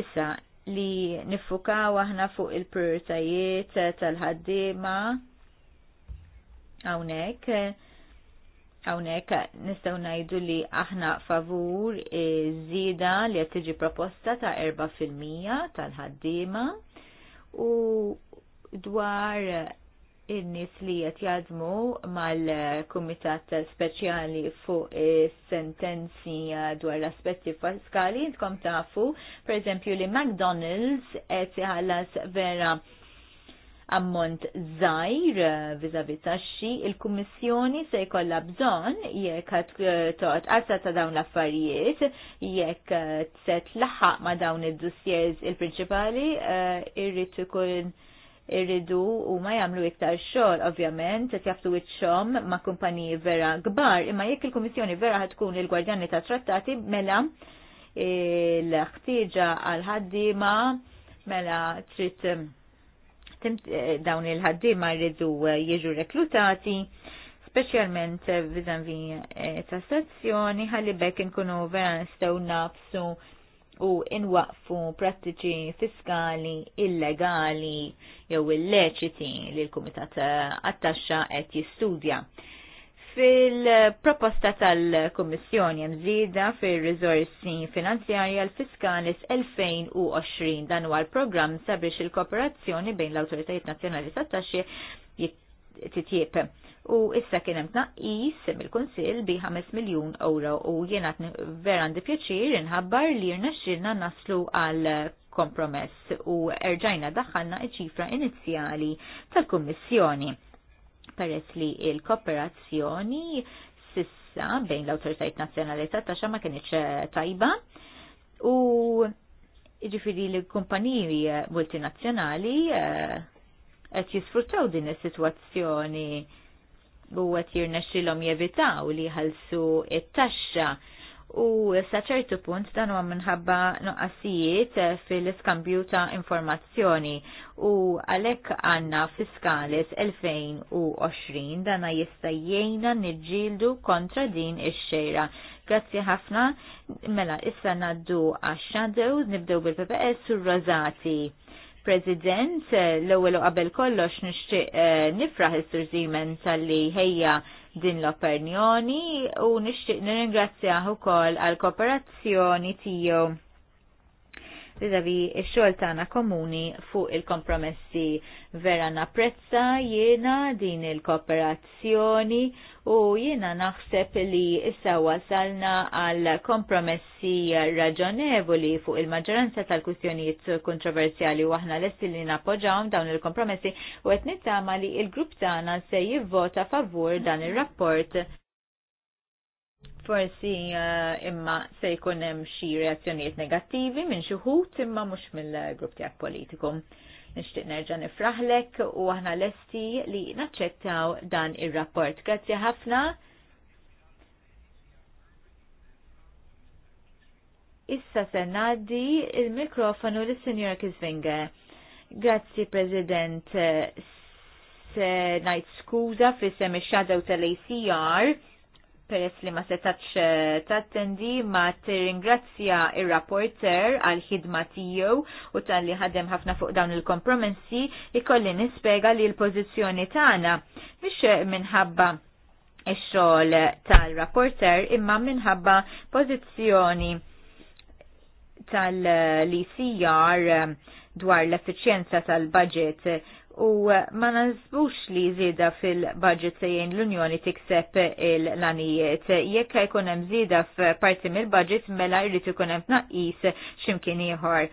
Issa, li nifukaw aħna fuq il-prioritajiet tal-ħaddiema hawnhekk hawnhekk nistgħu ngħidu li aħna favur żieda li qed tiġi proposta ta' 4% tal-ħaddiema u dwar in-nies li qed jaħdmu mal-Kumitat Speċjali fuq is-sentenzi dwar l-aspetti fiskali intkom tafu, pereżempju li McDonald's qed iħallas vera ammont żgħir viżavi taxxi, il-Kummissjoni se jkollha bżonn jekk qed toqgħod qalsa ta' dawn l-affarijiet jekk se tlaħħaq ma' dawn id-dossiers il-prinċipali eh, irrid ikun uh, irridu u ma jagħmlu iktar xogħol ovvjament qed jaftu wiċċhom ma' kumpaniji vera kbar, imma jekk il-Kummissjoni vera ħatkun il-gwardjani ta' trattati mela l-ħtieġa għal ħaddiema mela trid eh, eh, dawn il-ħaddiema rridu eh, jiġu reklutati specialment vi ta' stazzjoni ħalli bekk nkunu vera nistaw napsu u inwaqfu prattiċi fiskali illegali jew illeċiti li l-Kumitat eh, għat-taxxa qed jistudja. Fil-proposta tal-Kommissjoni mżida fil-rizorsi finanzjarja l-Fiskalis 2020 dan huwa l-programm sabiex il-kooperazzjoni bejn l-Awtoritajiet Nazzjonali tat-Taxxi titjib. U issa kien hemm tnaqqis mill-Kunsill bi 5 miljun euro u jiena veran di pjaċir inħabbar li rnexxilna naslu għal kompromess u erġajna daħħalna iċifra inizjali tal-Kummissjoni. Peress li il-kooperazzjoni sissa bejn l-Awtoritajiet Nazzjonali ta' taxxa ma kienieċ eh, tajba u ġifiri l-kumpaniji multinazzjonali eh, qed jisfruttaw din is-sitwazzjoni u qed jirnexxilhom jevitaw li jħallsu it-taxxa u sa ċertu punt dan huwa minħabba noqqasijiet fil-iskambju ta' informazzjoni u għalhekk għandna fiskalis 2020 dana jista' jgħinna niġġieldu kontra din ix-xejra. Grazzi ħafna, mela issa naddu għax-shadows nibdew bil-PPS u Rosati. President, eh, l-ewwel u qabel kollox nixtieq eh, nifraħ is-Sur Zeman tal-li ħejja din l-opinjoni u nixtieq nirringrazzjah ukoll għall kooperazzjoni tiegħu vizavi x-xogħol tagħna komuni fuq il-kompromessi vera naprezza, jiena din il-kooperazzjoni u jiena naħseb li issa wasalna għal kompromessi raġonevoli fuq il-maġġoranza tal-kwistjonijiet kontroversjali u aħna lesti li napoġawm dawn il-kompromessi u qed nittama li il-grupp tagħna se jivvota favur dan ir-rapport Forsi eh, imma se jkun hemm xi reazzjonijiet negattivi minn xi ħut imma mhux mill-grupp tiegħek politiku. Nixtieq nerġa' nifraħlek u aħna lesti li naċċettaw dan ir-rapport. Grazzi ħafna. Issa se ngħaddi il-mikrofonu lis-Sinjor Kisvinge. Grazzi President se ngħid skuża fis-semi shadow tal-ACR peress li ma setax eh, tattendi ma tirringrazzja il rapporter għal ħidma tiegħu u tal-li ħadem ħafna fuq dawn il-kompromessi ikolli nispjega li l-pożizzjoni tagħna biex minħabba ix-xogħol tal-rapporter imma minħabba pożizzjoni tal ecr dwar l-effiċjenza tal-budget u eh, ma nazbux li zida fil-budget sejjen l-Unjoni tikseb il-lanijiet Jekk jkun hemm zida f'parti mill-budget mela jrid ikun hemm tnaqqis x'imkien ieħor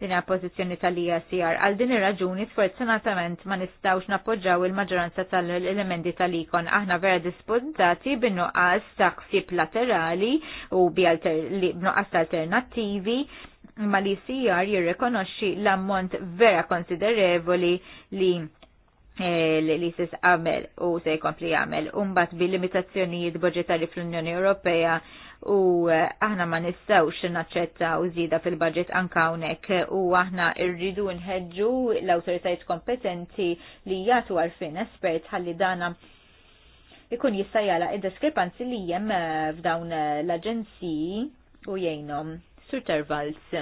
din pożizzjoni tal sijar. Għal din ir-raġuni sfortunatament ma nistgħux nappoġġaw il-maġġoranza tal-elementi tal-ikon. Aħna vera dispuntati b'nuqqas ta' laterali u b'nuqqas alternattivi imma li CR jirrekonoxxi l-ammont vera konsiderevoli li eh, li se għamel u se jkompli għamel umbat bil-limitazzjonijiet budġetari fl-Unjoni Ewropea u eh, aħna ma nistawx naċċetta u zida fil-budget anka hawnhekk u aħna rridu nħeġġu l-awtoritajiet kompetenti li jagħtu għalfin espert ħalli dana ikun jista' id-diskrepanzi li hemm eh, f'dawn l-aġenziji u jgħinhom Sur Tervalz.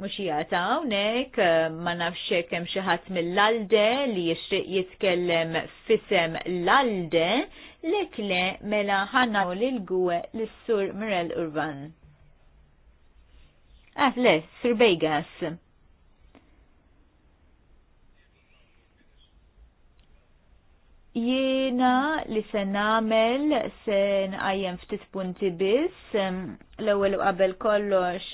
Mux jgħata unek, ma nafxie kem xaħat mill-alde li jixtieq jitkellem fisem l-alde, lekle mela ħanna u l-gwe l-sur Mirel Urban. Ah, le, Sir Begas. Jiena li se namel se nqajjem ftit punti biss l-ewwel qabel kollox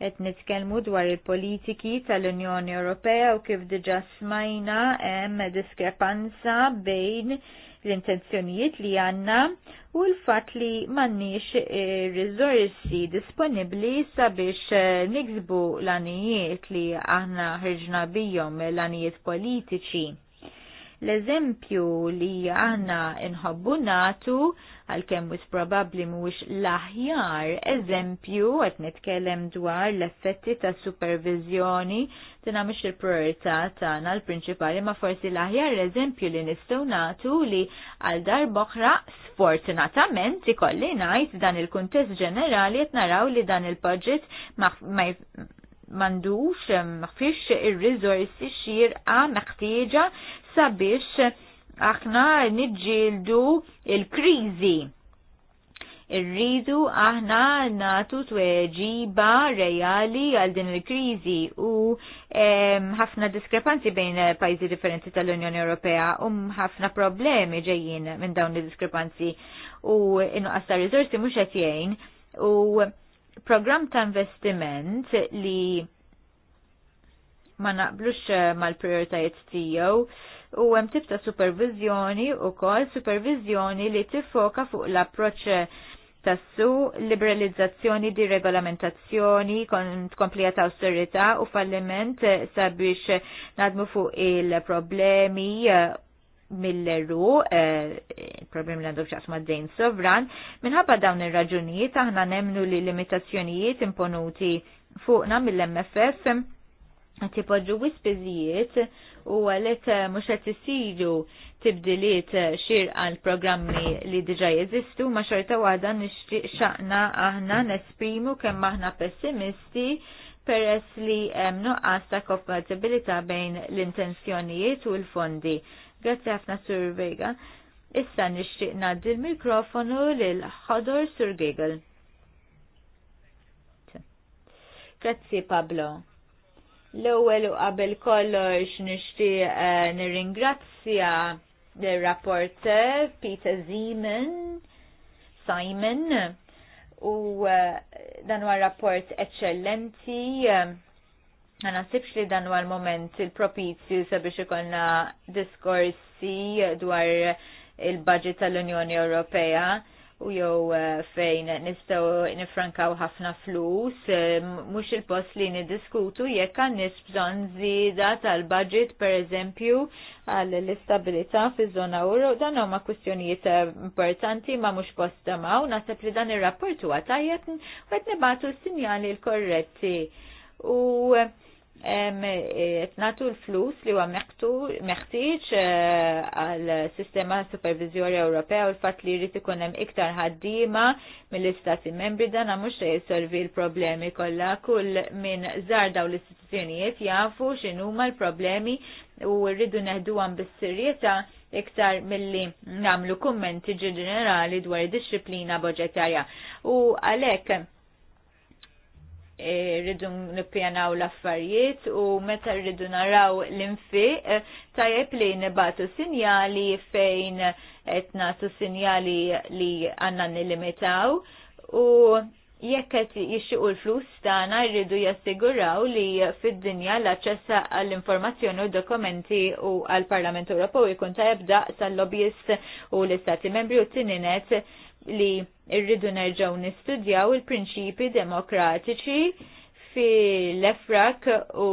qed nitkellmu dwar il-politiki tal-Unjoni Ewropea u kif diġà smajna hemm diskrepanza bejn l-intenzjonijiet li għanna u l-fat li mannix eh, rizorsi disponibli sabiex eh, niksbu l-anijiet li aħna ħirġna bijom l-anijiet politiċi. L-eżempju li għanna nħobbu natu għal-kem wis probabli mhuwiex l-aħjar eżempju qed nitkellem dwar l-effetti ta' supervizjoni tina mux il-priorità tagħna l-prinċipali ma' forsi l-aħjar eżempju li nistgħu natu li għal dar boħra, sfortunatament ikolli ngħid dan il-kuntest ġenerali qed naraw li dan il-budget ma' mandux maħfix il-rizorsi xirqa meħtieġa sabiex aħna niġġieldu il-kriżi. Irridu aħna natu tweġiba reali għal din il-kriżi u ħafna diskrepanzi bejn pajjiżi differenti tal-Unjoni Ewropea u um, ħafna problemi ġejjin minn dawn il-diskrepanzi u inqas ta' rizorsi mhux qed jgħin u programm ta' investiment li ma naqblux eh, mal-prioritajiet tiegħu u hemm tip ta' supervizjoni wkoll supervizjoni li tifoka fuq l-approċċ tassu liberalizzazzjoni di regolamentazzjoni kont kompleta austerita u falliment sabiex nadmu fuq il-problemi eh, mill-eru, il-problemi eh, l-għandu ċasma maddejn sovran, minħabba dawn il-raġunijiet aħna nemnu li limitazzjonijiet imponuti fuqna mill-MFF tipoġu wispizijiet wispiżijiet u għalek eh, mux għat jisiru tibdiliet eh, xir għal programmi li diġa jeżistu ma xorta għada nishtiq xaqna aħna nesprimu kemm aħna pessimisti peress li hemm nuqqas ta' kompatibilità bejn l-intenzjonijiet u l-fondi. Grazzi ħafna Sur Vega. Issa nixtieq ngħaddi l-mikrofonu lil ħodor Sur Giggle. Grazzi Pablo. L-ewwel u qabel kollox nixtieq eh, nirringrazzja lir rapporter Peter Zeman, Simon, u eh, dan huwa rapport eċċellenti. Eh, ma nasibx li dan huwa l-moment il-propizju sabiex ikollna diskorsi dwar il-budget tal-Unjoni Ewropea u jew eh, fejn nistgħu nifrankaw ħafna flus, eh, mhux il-post li niddiskutu jekk għan-nies bżonn żieda tal-budget pereżempju għal l-istabilità fiż-żona euro dan huma kwistjonijiet eh, importanti ma mhux post ma u naħseb li dan ir-rapport huwa tajjeb u qed nibagħtu s-sinjali l-korretti. U E, etnatu l-flus li huwa meħtieġ e, għal sistema supervizjoni Ewropea u l-fatt li jrid ikun hemm iktar ħaddiema mill-istati membri dan mhux se jissolvi l-problemi kollha kull minn żar daw l-istituzzjonijiet jafu x'inhuma l-problemi u rridu neħduhom bis-sirjetà iktar milli nagħmlu kummenti ġenerali dwar id-disciplina budġetarja. U għalhekk E, rridu nippjanaw l-affarijiet u meta rridu naraw l-infiq e, tajjeb li nibatu sinjali fejn qed nagħtu sinjali li għandna nilimitaw u jekk qed jixxiqu l-flus tagħna rridu jassiguraw li fid-dinja l-aċċess għall-informazzjoni u dokumenti u għall-Parlament Ewropew ikun tajjeb daqs tal lobbyist u l-Istati Membri u t-tininet li irridu nerġaw nistudjaw il-prinċipi demokratiċi fil-efrak u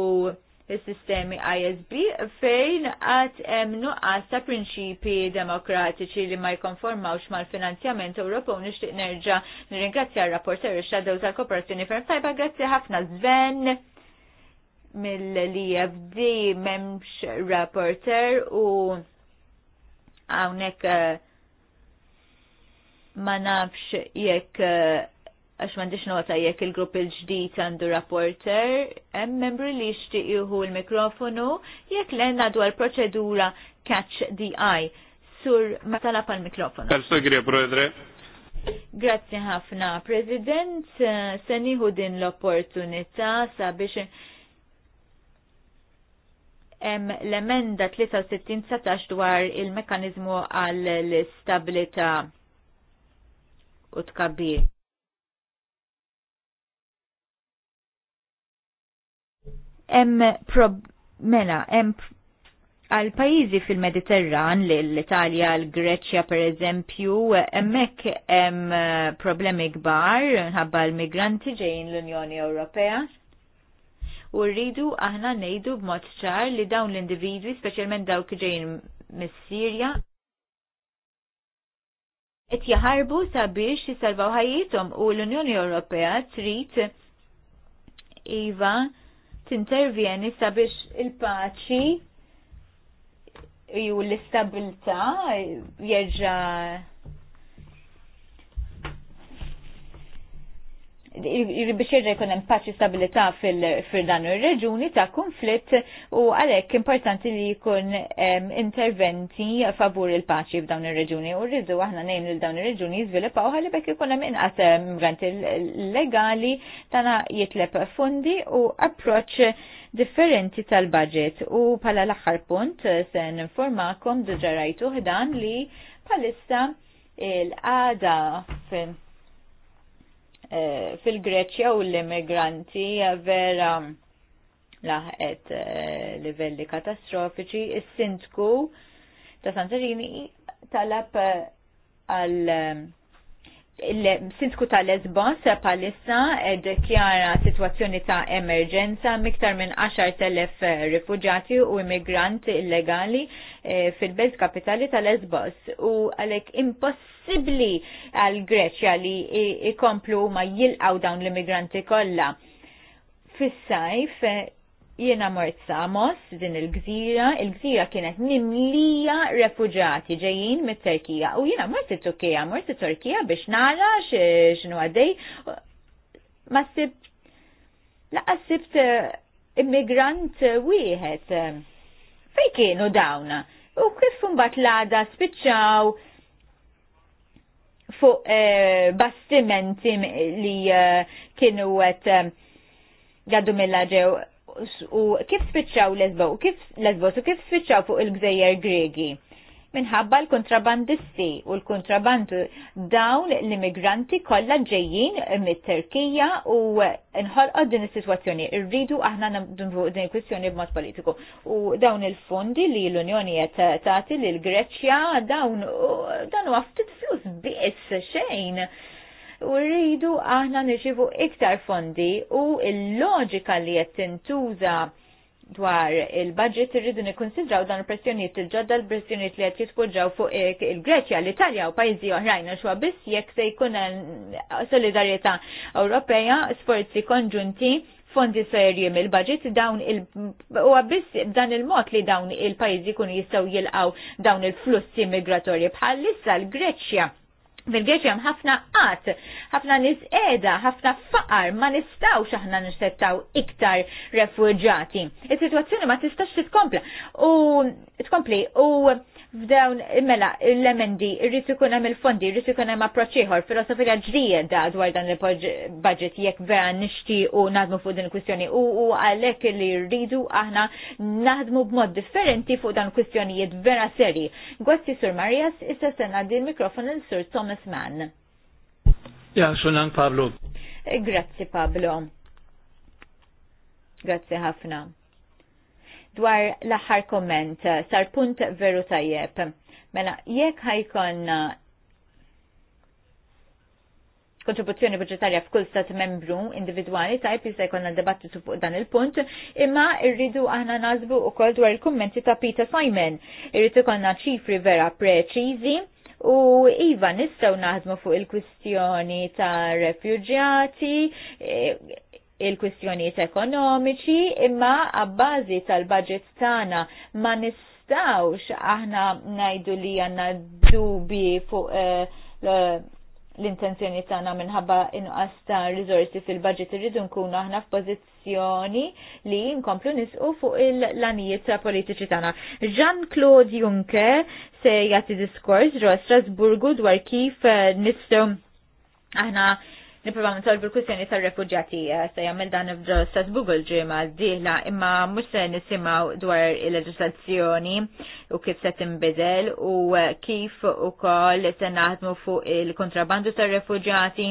il-sistemi ISB fejn għat nuqqas ta' prinċipi demokratiċi li ma jkonformawx mal-finanzjament u nixtieq nerġa' nirringrazzja r-rapporter ix xadow tal-kooperazzjoni ferm tajba grazzi ħafna Sven mill-LFD e memx rapporter u hawnhekk eh, ma nafx jekk eh, għax mandiċ nota jekk il-grupp il-ġdijt għandu rapporter, hemm membri li jixtieq jieħu l-mikrofonu jekk l dwar proċedura catch the eye. Sur ma tala pal mikrofonu. Għal-sugri, Prodre. Grazzi ħafna, President. Eh, se nieħu din l-opportunità sabiex hemm l-emenda 63 dwar il-mekkaniżmu għall-istabilità u tkabbir. prob mela hemm għal pajjiżi fil-Mediterran l-Italja, l-Greċja per eżempju, hemmhekk hemm problemi gbar, nħabba l-migranti ġejn l-Unjoni Ewropea u rridu aħna nejdu b'mod ċar li dawn l-individwi, speċjalment dawk ġejn mis-Sirja, et jaħarbu sabiex jisalvaw ħajjithom u l-Unjoni Ewropea trid iva tintervjeni sabiex il-paċi u l-istabilità jerġa' biex jirra jkun hemm paċi stabilità fil-dan ir-reġuni ta' konflitt u għalhekk importanti li jkun interventi favur il-paċi f'dawn ir-reġuni u rridu aħna ngħin lil dawn ir-reġuni jiżviluppaw ħalli bekk ikun hemm inqas migranti legali tagħna jitleb fondi u approċċ differenti tal-budget u pala l-aħħar punt se informakom diġa rajtu ħdan li palissa il-għada fin. Eh, fil-Greċja u l-immigranti vera laħet eh, livelli katastrofiċi. Is-sindku ta' Santorini talab eh, għal il-sindku ta' Lesbon palissa ed kjara situazzjoni ta' emerġenza miktar minn 10.000 rifugjati u immigranti illegali fil-belt kapitali ta' Lesbos u għalek imposs impossibbli għal Greċja li ikomplu ma jilqaw dawn l-immigranti kollha. Fis-sajf eh, jiena mort Samos din il-gżira, il-gżira kienet nimlija refuġati ġejjin mit-Turkija u jiena mort it-Turkija, mort it-Turkija biex nara x'inhu għaddej ma sibt laqa' sibt eh, immigrant wieħed. Eh, Fej kienu dawna? U kif mbagħad l-għada spiċċaw fuq eh, bastimenti li eh, kienu għet għaddu eh, mill-ġew u kif spiċċaw Lesbos u kif Lesbos u kif spiċċaw fuq il-gżejjer Gregi minħabba l-kontrabandisti u l-kontrabandu dawn l-immigranti kollha ġejjin mit-Terkija u nħolqod din is-sitwazzjoni. Irridu aħna nabdu din il-kwistjoni b'mod politiku. U dawn il-fondi li l-Unjoni qed tagħti lil Greċja dawn dan huwa ftit flus biss xejn u rridu aħna nirċivu iktar fondi u il-loġika li qed tintuża dwar il-budget irridu nikkonsidraw dan il-pressjoniet il-ġodda l-pressjoniet li qed jitpoġġaw fuq eh, il-Greċja, l-Italja u pajjiżi oħrajn għax biss jekk se jkun solidarjetà Ewropea, sforzi konġunti fondi serji mill-budget dawn il u biss b'dan il-mod li dawn il-pajjiżi jkunu jistgħu jilqgħu dawn il-flussi migratorji bħalissa l-Greċja fil-Greċja ħafna qatt, ħafna nis qiegħda, ħafna faqar, ma nistgħux aħna nixtettaw iktar refugġati. Is-sitwazzjoni ma tistax titkompla u tkompli u f'dawn mela l-emendi irrid ikun hemm il-fondi, irrid ikun hemm approċċ ieħor, filosofija ġrieda dwar dan il-budget jekk vera nixtiequ naħdmu fuq din il-kwistjoni u għalhekk li rridu aħna naħdmu b'mod differenti fuq dan kwistjonijiet vera seri. Grazzi Sur Marias, issa sena l mikrofon il-Sur Thomas Mann. Ja, xunan Pablo. Grazzi Pablo. Grazzi ħafna dwar l-aħħar komment, sar punt veru tajjeb. Mela, jekk ħajkon uh, kontribuzzjoni budgetarja f'kull stat membru individwali tajb jista' jkollna dibattitu fuq dan il-punt, imma rridu aħna nażbu wkoll dwar il-kummenti ta' Peter Simon. Irrid ikollna ċifri vera preċiżi u iva nistgħu naħdmu fuq il-kwistjoni ta' refuġjati, eh, il-kwistjonijiet ekonomiċi imma għabbażi tal-budget tagħna ma nistawx aħna najdu li għanna dubi fuq eh, l-intenzjoni tagħna minħabba inqas ta' riżorsi fil-budget irridu nkunu aħna f'pożizzjoni li nkomplu nisqu fuq il-lanijiet ta' politiċi tagħna. Jean-Claude Juncker se jagħti diskors ġo Strasburgu dwar kif eh, nistgħu aħna niprofaw nitolbu l-kwistjoni tal refugjati eh, se jagħmel dan f'Strasburg Google ġimgħa d-dieħla imma mhux se nisimgħu dwar il-leġislazzjoni u kif se tinbidel u eh, kif ukoll se naħdmu fuq il-kontrabandu tar-refuġjati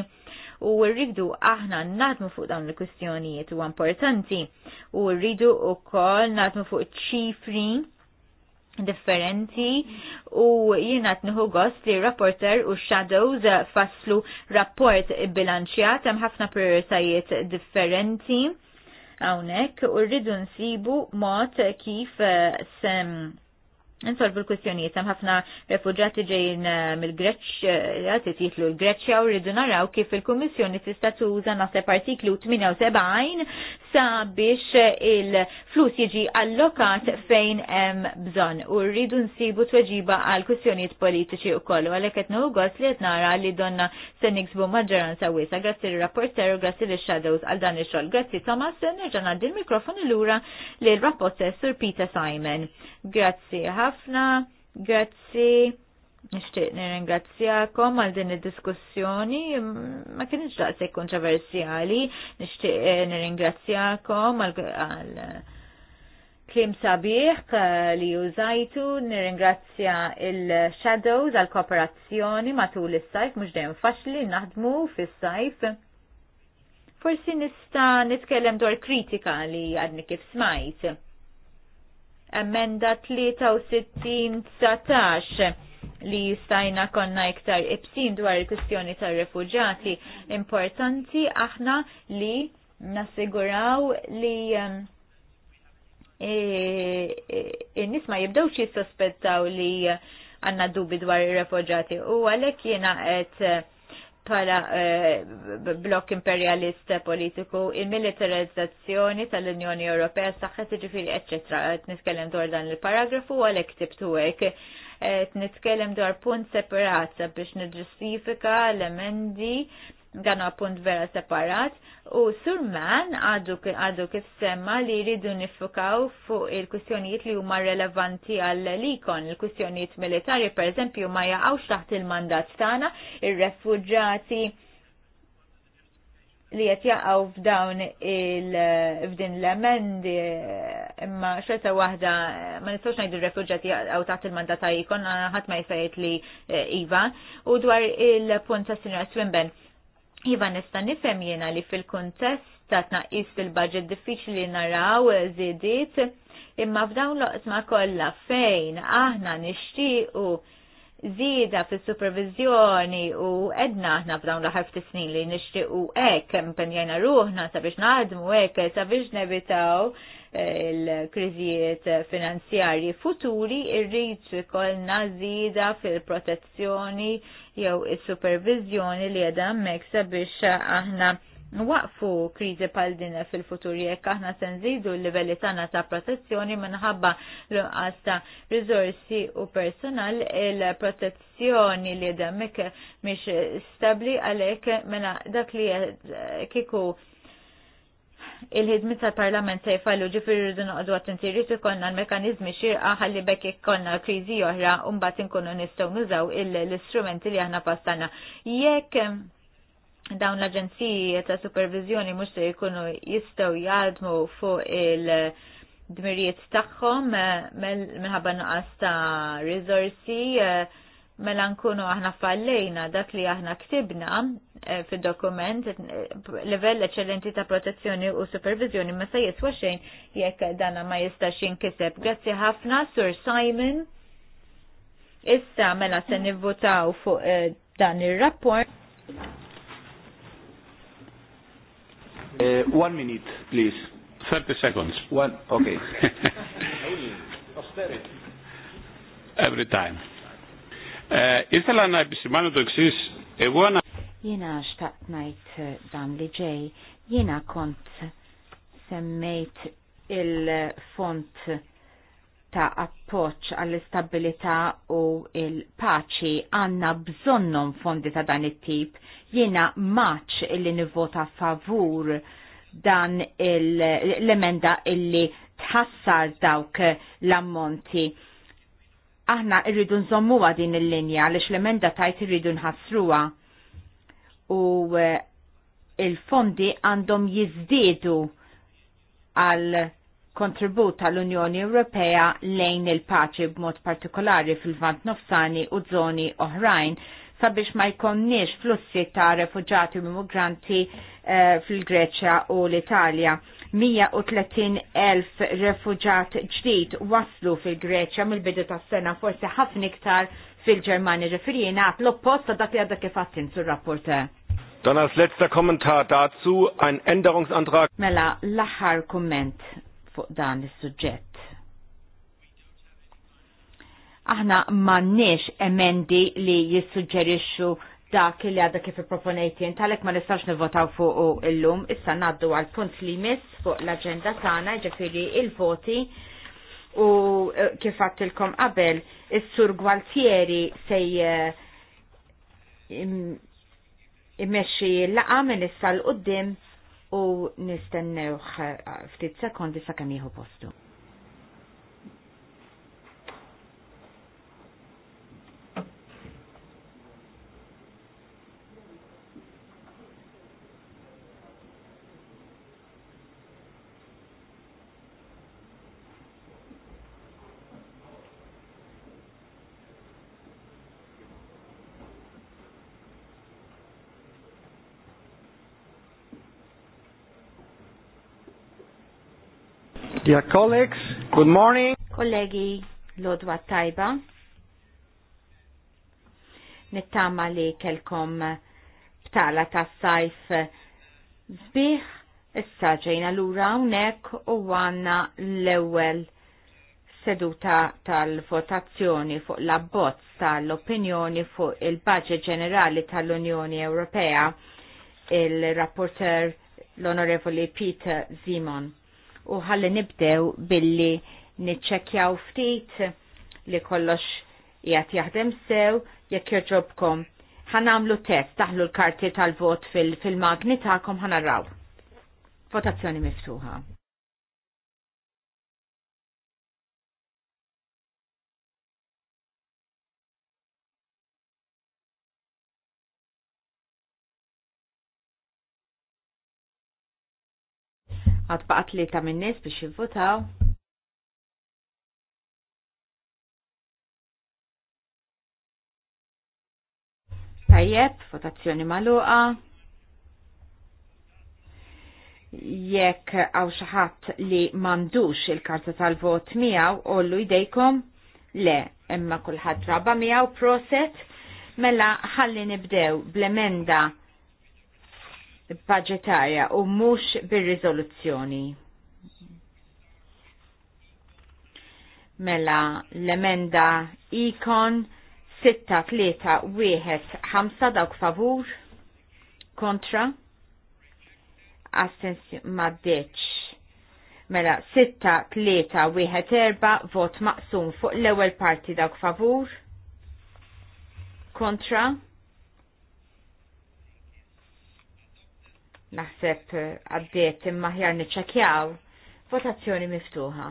u rridu aħna naħdmu fuq dawn il-kwistjonijiet u importanti u rridu ukoll naħdmu fuq ċifri differenti u jiena tniħu gost li rapporter u shadows faslu rapport bilanċjat hemm ħafna prioritajiet differenti hawnhekk u rridu nsibu mod kif sem Insolvu l kwistjonijiet hemm ħafna refuġati ġejjin eh, mill-Greċja jitlu l-Greċja u rridu naraw kif il-Kummissjoni tista' tuża naħseb artiklu 78 sa biex il-flus jiġi allokat fejn hemm bżonn u rridu nsibu tweġiba għal kwistjonijiet politiċi u kollu għalhekk qed gost li qed nara li donna se niksbu maġġoranza wiesa grazzi l rapporter u grazzi l shadows għal dan ix-xogħol. Grazzi Thomas, nerġa' ngħaddi l-mikrofon lura lil rapporter Sir Peter Simon. Grazzi ħafna, grazzi. Nishtiq nirringrazzjakom għal din id-diskussjoni, ma kienx daqshekk kontroversjali, nishtiq eh, nirringrazzjakom għal klim sabiħ eh, li użajtu, nirringrazzja il-shadows għal kooperazzjoni matul is-sajf, mhux dejjem faċli naħdmu fis-sajf. Forsi nista' nitkellem dwar kritika li għadni kif smajt. Emenda 63 19 li jistajna konna iktar ibsin dwar il kustjoni tal-refugġati. Importanti aħna li nassiguraw li um, e, e, e, n-nis ma jibdawx jissospettaw li għanna dubi dwar il-refugġati. U għalek jena għet pala blok imperialist politiku, il-militarizzazzjoni tal-Unjoni Ewropea saħħet ġifiri, eccetera, għet niskellem dwar dan il-paragrafu għalek tibtu għek nitkellem dwar punt separat biex nġustifika l-emendi dan punt vera separat u surman għadu, għadu kif semma li jridu nifukaw fuq il-kustjonijiet li huma relevanti għall likon il-kustjonijiet militari per eżempju ma jaqgħux taħt il-mandat tagħna ir-refuġati il mandat tagħna il refugġati il li qed jaqgħu f'dawn il f'din l-emendi imma xorta waħda ma nistgħux najdu r-refuġġati jaqgħu taħt il mandata ta' jkun ħadd ma jfejt li eh, iva u dwar il-punt ta' Sinjora Swinben. Iva nista' nifhem jiena li fil-kuntest ta' tnaqqis fil-budget diffiċli naraw eh, żidiet imma f'dawn l ma kollha fejn aħna nixtiequ zida fis supervizjoni u edna aħna f'dawn l-ħar ftit snin li nixtiequ hekk impenjajna ruħna sabiex naħdmu hekk sabiex nevitaw eh, il-kriżijiet finanzjarji futuri irrid ikollna zida fil-protezzjoni jew is-supervizjoni li għedha hemmhekk sabiex aħna waqfu kriżi pal din fil-futur jekk aħna se nżidu l-livelli tagħna ta' protezzjoni minħabba l-inqas ta' riżorsi u personal il-protezzjoni li demmek mhix stabbli għalhekk mela dak li kiku il-ħidmi tal-parlament se jfallu ġifiri rridu noqdu attenti rridu konna l-mekanizmi xirqa ħalli bekk konna kriżi oħra u mbagħad inkunu nistgħu nużaw l-istrumenti li aħna passana. Jekk dawn l-aġenziji ta' supervizjoni mhux se jkunu jistgħu jadmu fuq il-dmirijiet tagħhom eh, minħabba nuqqas ta' riżorsi eh, mela nkunu aħna fallejna dak li aħna ktibna eh, fil-dokument livell eċċellenti ta' protezzjoni u supervizjoni ma se jiswa xejn jekk dana ma jistax jinkiseb. Grazzi ħafna, Sur Simon. Issa mela se nivvotaw fuq dan ir-rapport. Uh, one minute, please. 30 seconds. One, okay. Every time. Ήθελα uh, να to το εξή. Εγώ Jena xtaqt najt eh, dan li ġej, jena kont semmejt il-font ta' appoċ għall istabilita u il-paċi għanna bżonnom fondi ta' dan it-tip Jiena maċ illi nivvota favur dan l-emenda illi tħassar dawk l-ammonti. Aħna irridu nżommuwa din il-linja għaliex l-emenda tajt irridu nħassruha. U eh, il-fondi għandhom jizdidu għal kontribut tal-Unjoni Ewropea lejn il-paċi b'mod partikolari fil-vant nofsani u zoni oħrajn sabiex ma jkonniex flussi ta' refugġati u migranti eh, fil-Greċja u l-Italja. 130.000 refugġat ġdid waslu fil-Greċja mill-bidu tas sena forse ħafna iktar fil-Ġermani referjina għat l-opposta dak li għadda kif għattin sur-rapporte. Dann als letzter Kommentar dazu ein Änderungsantrag. Mela, l-aħħar komment fuq dan is-suġġett. Aħna m'għandniex emendi li jissuġġerixxu dak li għadda kif ipproponejti intalek ma nistax nivvotaw fuq illum, issa ngħaddu għal punt li mis fuq l-aġenda tagħna ġifieri il-voti u eh, kif għattilkom qabel is-sur Gualtieri sej eh, immexxi l-laqa minn issa l qoddim u nistennewh eh, ftit sekondi sa kemm jieħu postu. Dear colleagues, good morning. Kollegi, lodwa tajba. Nittama li kelkom btala ta' sajf zbiħ, issa ġejna l-ura unek u għanna l-ewel seduta tal-votazzjoni fuq la bozz tal-opinjoni fuq il-budget ġenerali tal-Unjoni Ewropea il-rapporter l-Onorevoli Peter Zimon u ħalli nibdew billi niċċekjaw ftit li kollox jgħat jaħdem sew jekk joġobkom. nagħmlu test, taħlu l-karti tal-vot fil-magni fil tagħkom ħanaraw. Votazzjoni miftuħa. Għad baqat li ta' minnis biex jivvotaw. Tajjeb, votazzjoni maluqa. Jekk għaw xaħat li mandux il-karta tal-vot miegħu ollu jdejkom, le, imma kullħat raba miegħu proset, mela ħalli nibdew bl-emenda budgetarja u mhux bir-riżoluzzjoni. Mela l-emenda ikon 6-3-1-5 dawk favur kontra assens maddeċ. Mela 6-3-1-4 vot maqsum fuq l-ewel parti dawk favur kontra naħseb eh, għaddiet imma ħjar niċċakjaw votazzjoni miftuħa.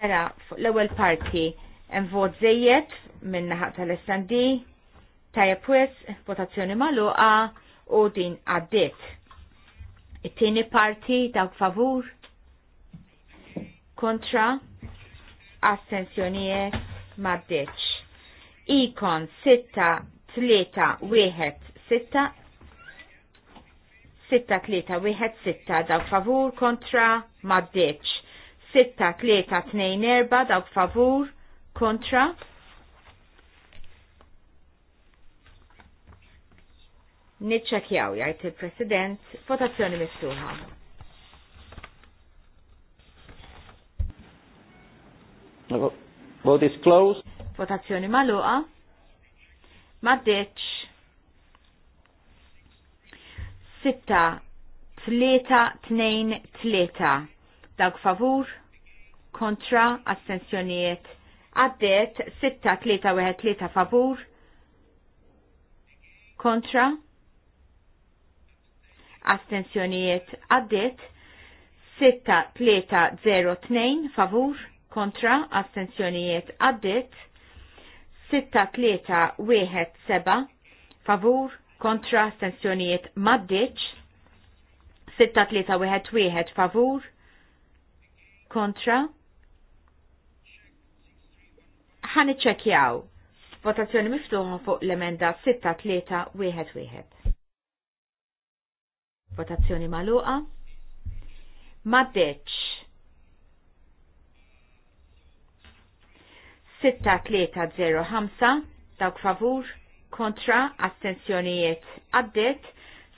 Era, fuq l-ewwel parti hemm vot żejjed minn naħaq tal-SND, tajjeb wis, votazzjoni magħluqa u din għaddiet. It-tieni parti dawk favur kontra astensjonijiet maddeċ. Ikon 6-3-1-6 6-3-1-6 favur kontra maddeċ. 6-3-2-4 dawk favur kontra Nitċakjaw jgħajt il-President, votazzjoni miftuħa. Hello. Vote is closed. Votazzjoni maluqa. Maddeċ. Sitta. Tleta, tnejn, tleta. Dawk favur. Kontra. Astensjonijiet. Għaddet. Sitta, tlieta, weħet, tleta, favur. Kontra. Astensjonijiet. Għaddet. tnejn favur kontra astenzjonijiet għaddit 6-3-1-7 favur kontra astenzjonijiet maddiċ 6-3-1-1 favur kontra ħan ċekjaw votazzjoni miftuħa fuq l-emenda 6-3-1-1 votazzjoni maluqa maddiċ 6305 dawk favur kontra astensjonijiet għaddit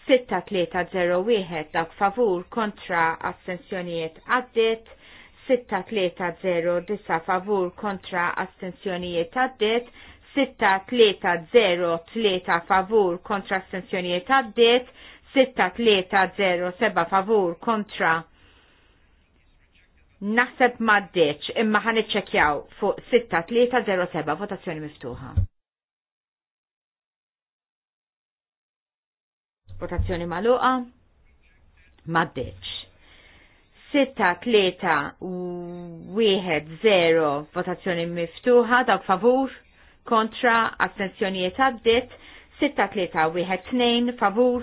6301 dawk favur kontra astensjonijiet għaddit 6309 favur kontra astensjonijiet għaddit 6303 favur kontra astensjonijiet għaddit 6307 favur kontra Naħseb maddeċ imma ħan iċċekjaw fuq 6307 votazzjoni miftuħa. Votazzjoni maluqa. Maddeċ. 6-3-1-0 votazzjoni miftuħa, dawk favur, kontra, astensjonijiet għaddit, 6-3-1-2 favur,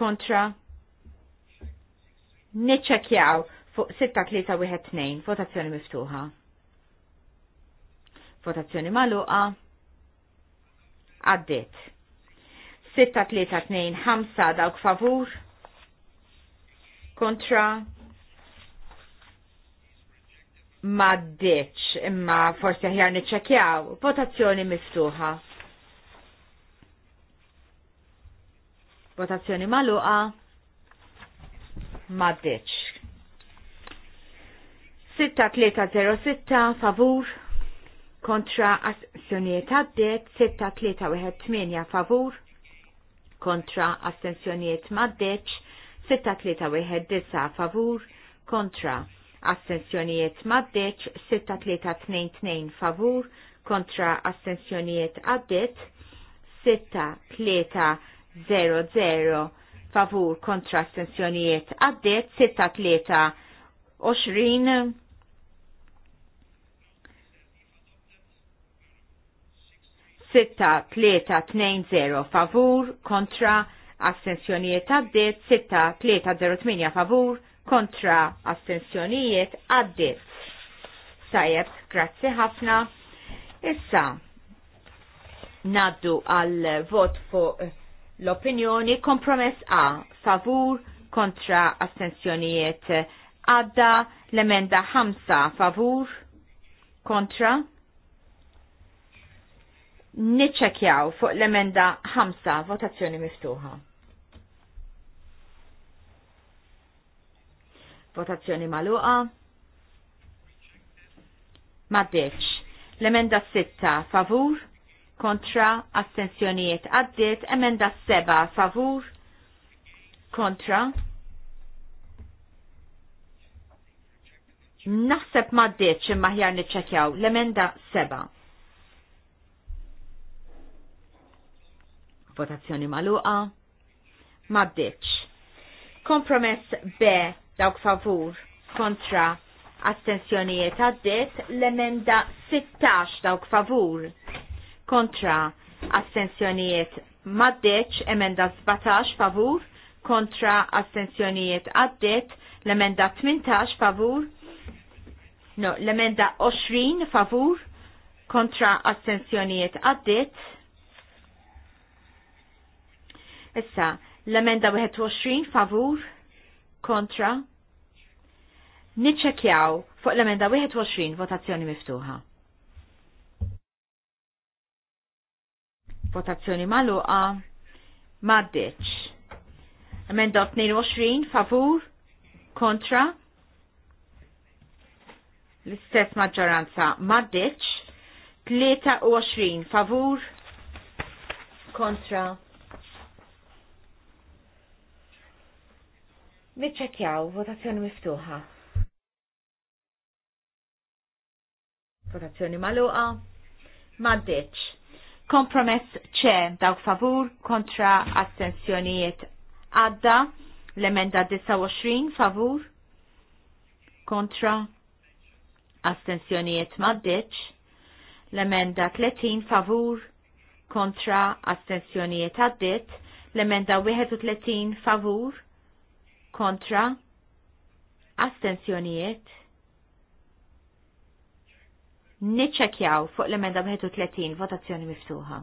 kontra, niċċekjaw fuq 6312, votazzjoni miftuħa. Votazzjoni maluqa, għaddit. 6325, dawk favur, kontra, maddeċ, imma forse ħjar niċċekjaw, votazzjoni miftuħa. Votazzjoni maluqa, maddeċ. 6306 favur kontra astensjonijiet għaddet 6318 favur kontra astensjonijiet maddeċ 6319 favur kontra astensjonijiet maddeċ 6322 favur kontra astensjonijiet għaddet 6300 favur kontra astensjonijiet għaddiet 6320 6320 favur kontra astensjonijiet għaddit 6308 favur kontra astensjonijiet għaddit. Sajab, grazzi ħafna. Issa, naddu għal vot fuq l-opinjoni kompromess A favur kontra astensjonijiet għadda l-emenda 5 favur kontra niċċekjaw fuq l-emenda 5 votazzjoni miftuħa. Votazzjoni maluqa. Maddeċ. L-emenda 6 favur, kontra astensjonijiet għaddit, emenda 7 favur, kontra. Naħseb maddeċ imma ħjar niċċekjaw l-emenda 7. Votazzjoni maluqa. bdeċ. Kompromess B. Dawk favur kontra astensjonijiet għaddet l-emenda 16 dawk favur kontra astensjonijiet maddeċ emenda 17 favur kontra astensjonijiet għaddet l-emenda 18 favur no, l-emenda 20 favur kontra astensjonijiet għaddet Issa, l-emenda 21 favur kontra. Niċċekjaw fuq l-emenda 21 votazzjoni miftuħa. Votazzjoni maluqa maddeċ. Emenda 22 favur kontra. L-istess maġġoranza maddeċ. 23 favur kontra Niċċekjaw, votazzjoni miftuħa. Votazzjoni maluqa. Maddeċ. Kompromess ċe dawk favur kontra astensjonijiet għadda l-emenda 29 favur kontra astensjonijiet maddeċ l-emenda 30 favur kontra astensjonijiet għaddit l-emenda 31 favur kontra, astensjonijiet, niċċekjaw fuq l-emenda 30, votazzjoni miftuħa.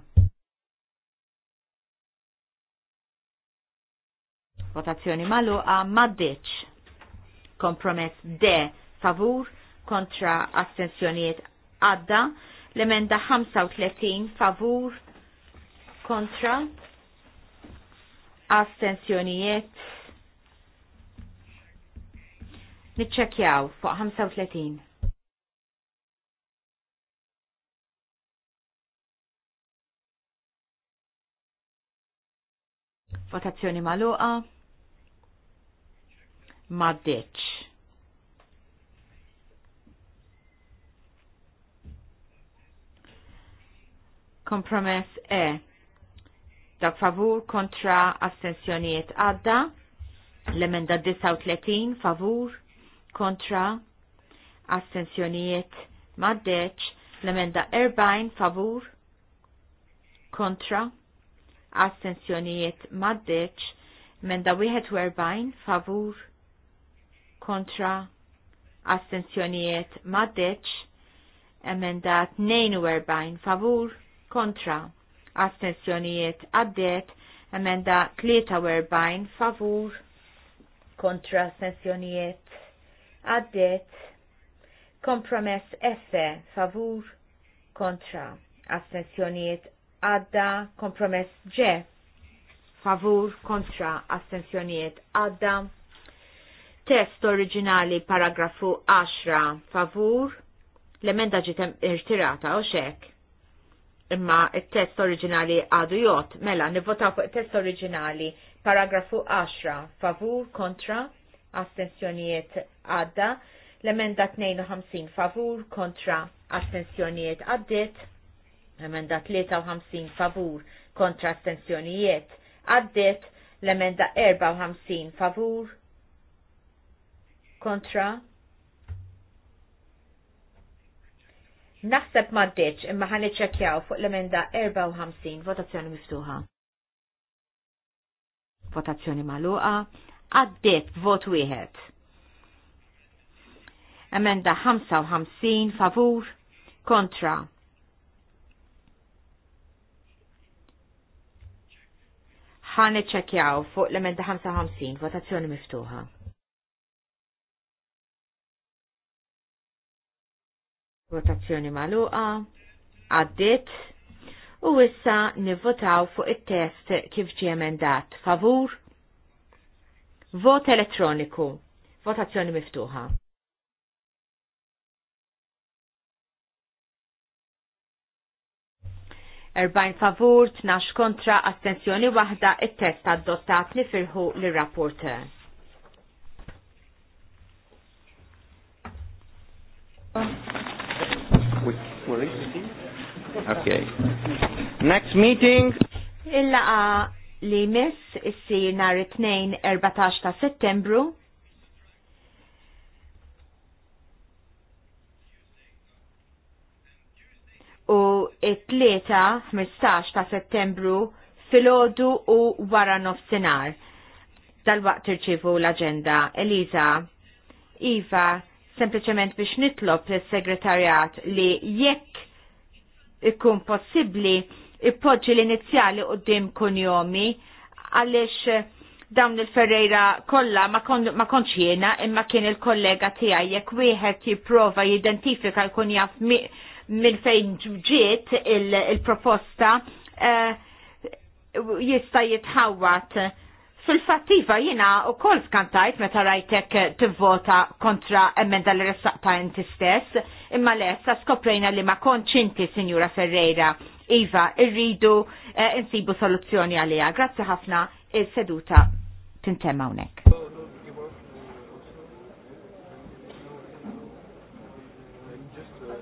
Votazzjoni maluqa maddiċ. Kompromess D favur kontra astensjonijiet għadda. L-emenda 35 favur kontra astensjonijiet Nitċekjaw fuq 35. Votazzjoni maluqa. Maddeċ. Kompromess E. Dak favur kontra astensjonijiet għadda. L-emenda 39 favur kontra, astensjonijiet maddeċ, l-emenda 40 favur, kontra, astensjonijiet maddeċ, emenda 41 favur, kontra, astensjonijiet maddeċ, emenda 42 favur, kontra, astensjonijiet għaddet, emenda 43 favur, kontra astensjonijiet għaddet kompromess F favur kontra astensjoniet għadda kompromess ġe favur kontra astensjoniet għadda test oriġinali paragrafu 10 favur l-emenda ġiet irtirata u xek imma il-test oriġinali għadu jot mela nivvota fuq il-test oriġinali paragrafu 10 favur kontra astensjonijiet għadda, l-emenda 52 favur kontra astensjonijiet għaddit, l-emenda 53 favur kontra astensjonijiet għaddit, l-emenda 54 favur kontra Naħseb ma imma ħan iċċekjaw fuq l-emenda 54 votazzjoni miftuħa. Votazzjoni maluqa għaddiet b'vot wieħed. Emenda 55 favur kontra. ħan iċċekjaw fuq l-emenda 55, votazzjoni miftuħa. Votazzjoni maluqa, għaddit, u issa nivvotaw fuq it-test kif ġie emendat favur, Vot elettroniku. Votazzjoni miftuħa. Erbajn favur, tnax kontra, astenzjoni wahda, it-test adottat nifirħu li rapporte Okay. Next meeting. il a li miss issir nar 2-14 ta' settembru. U it-tlieta 15 ta' settembru filgħodu u wara Dal-waqt irċivu l-aġenda Eliza Iva sempliċement biex nitlob il segretarjat li jekk ikun possibbli ippoġġi l-inizjali dim kunjomi għaliex eh, dawn il-Ferreira kollha ma kontx jiena imma kien il-kollega tiegħi jekk wieħed jipprova jidentifika jkun jaf minn fejn ġiet il-proposta eh, jista' jitħawat. Fil-fattiva jiena u kol skantajt meta rajtek tivvota kontra emenda li resaqta inti stess, imma lessa skoprejna li ma konċinti inti, Sinjura Ferreira, Iva, irridu eh, insibu soluzzjoni għalija. Grazzi ħafna, seduta tintema unek.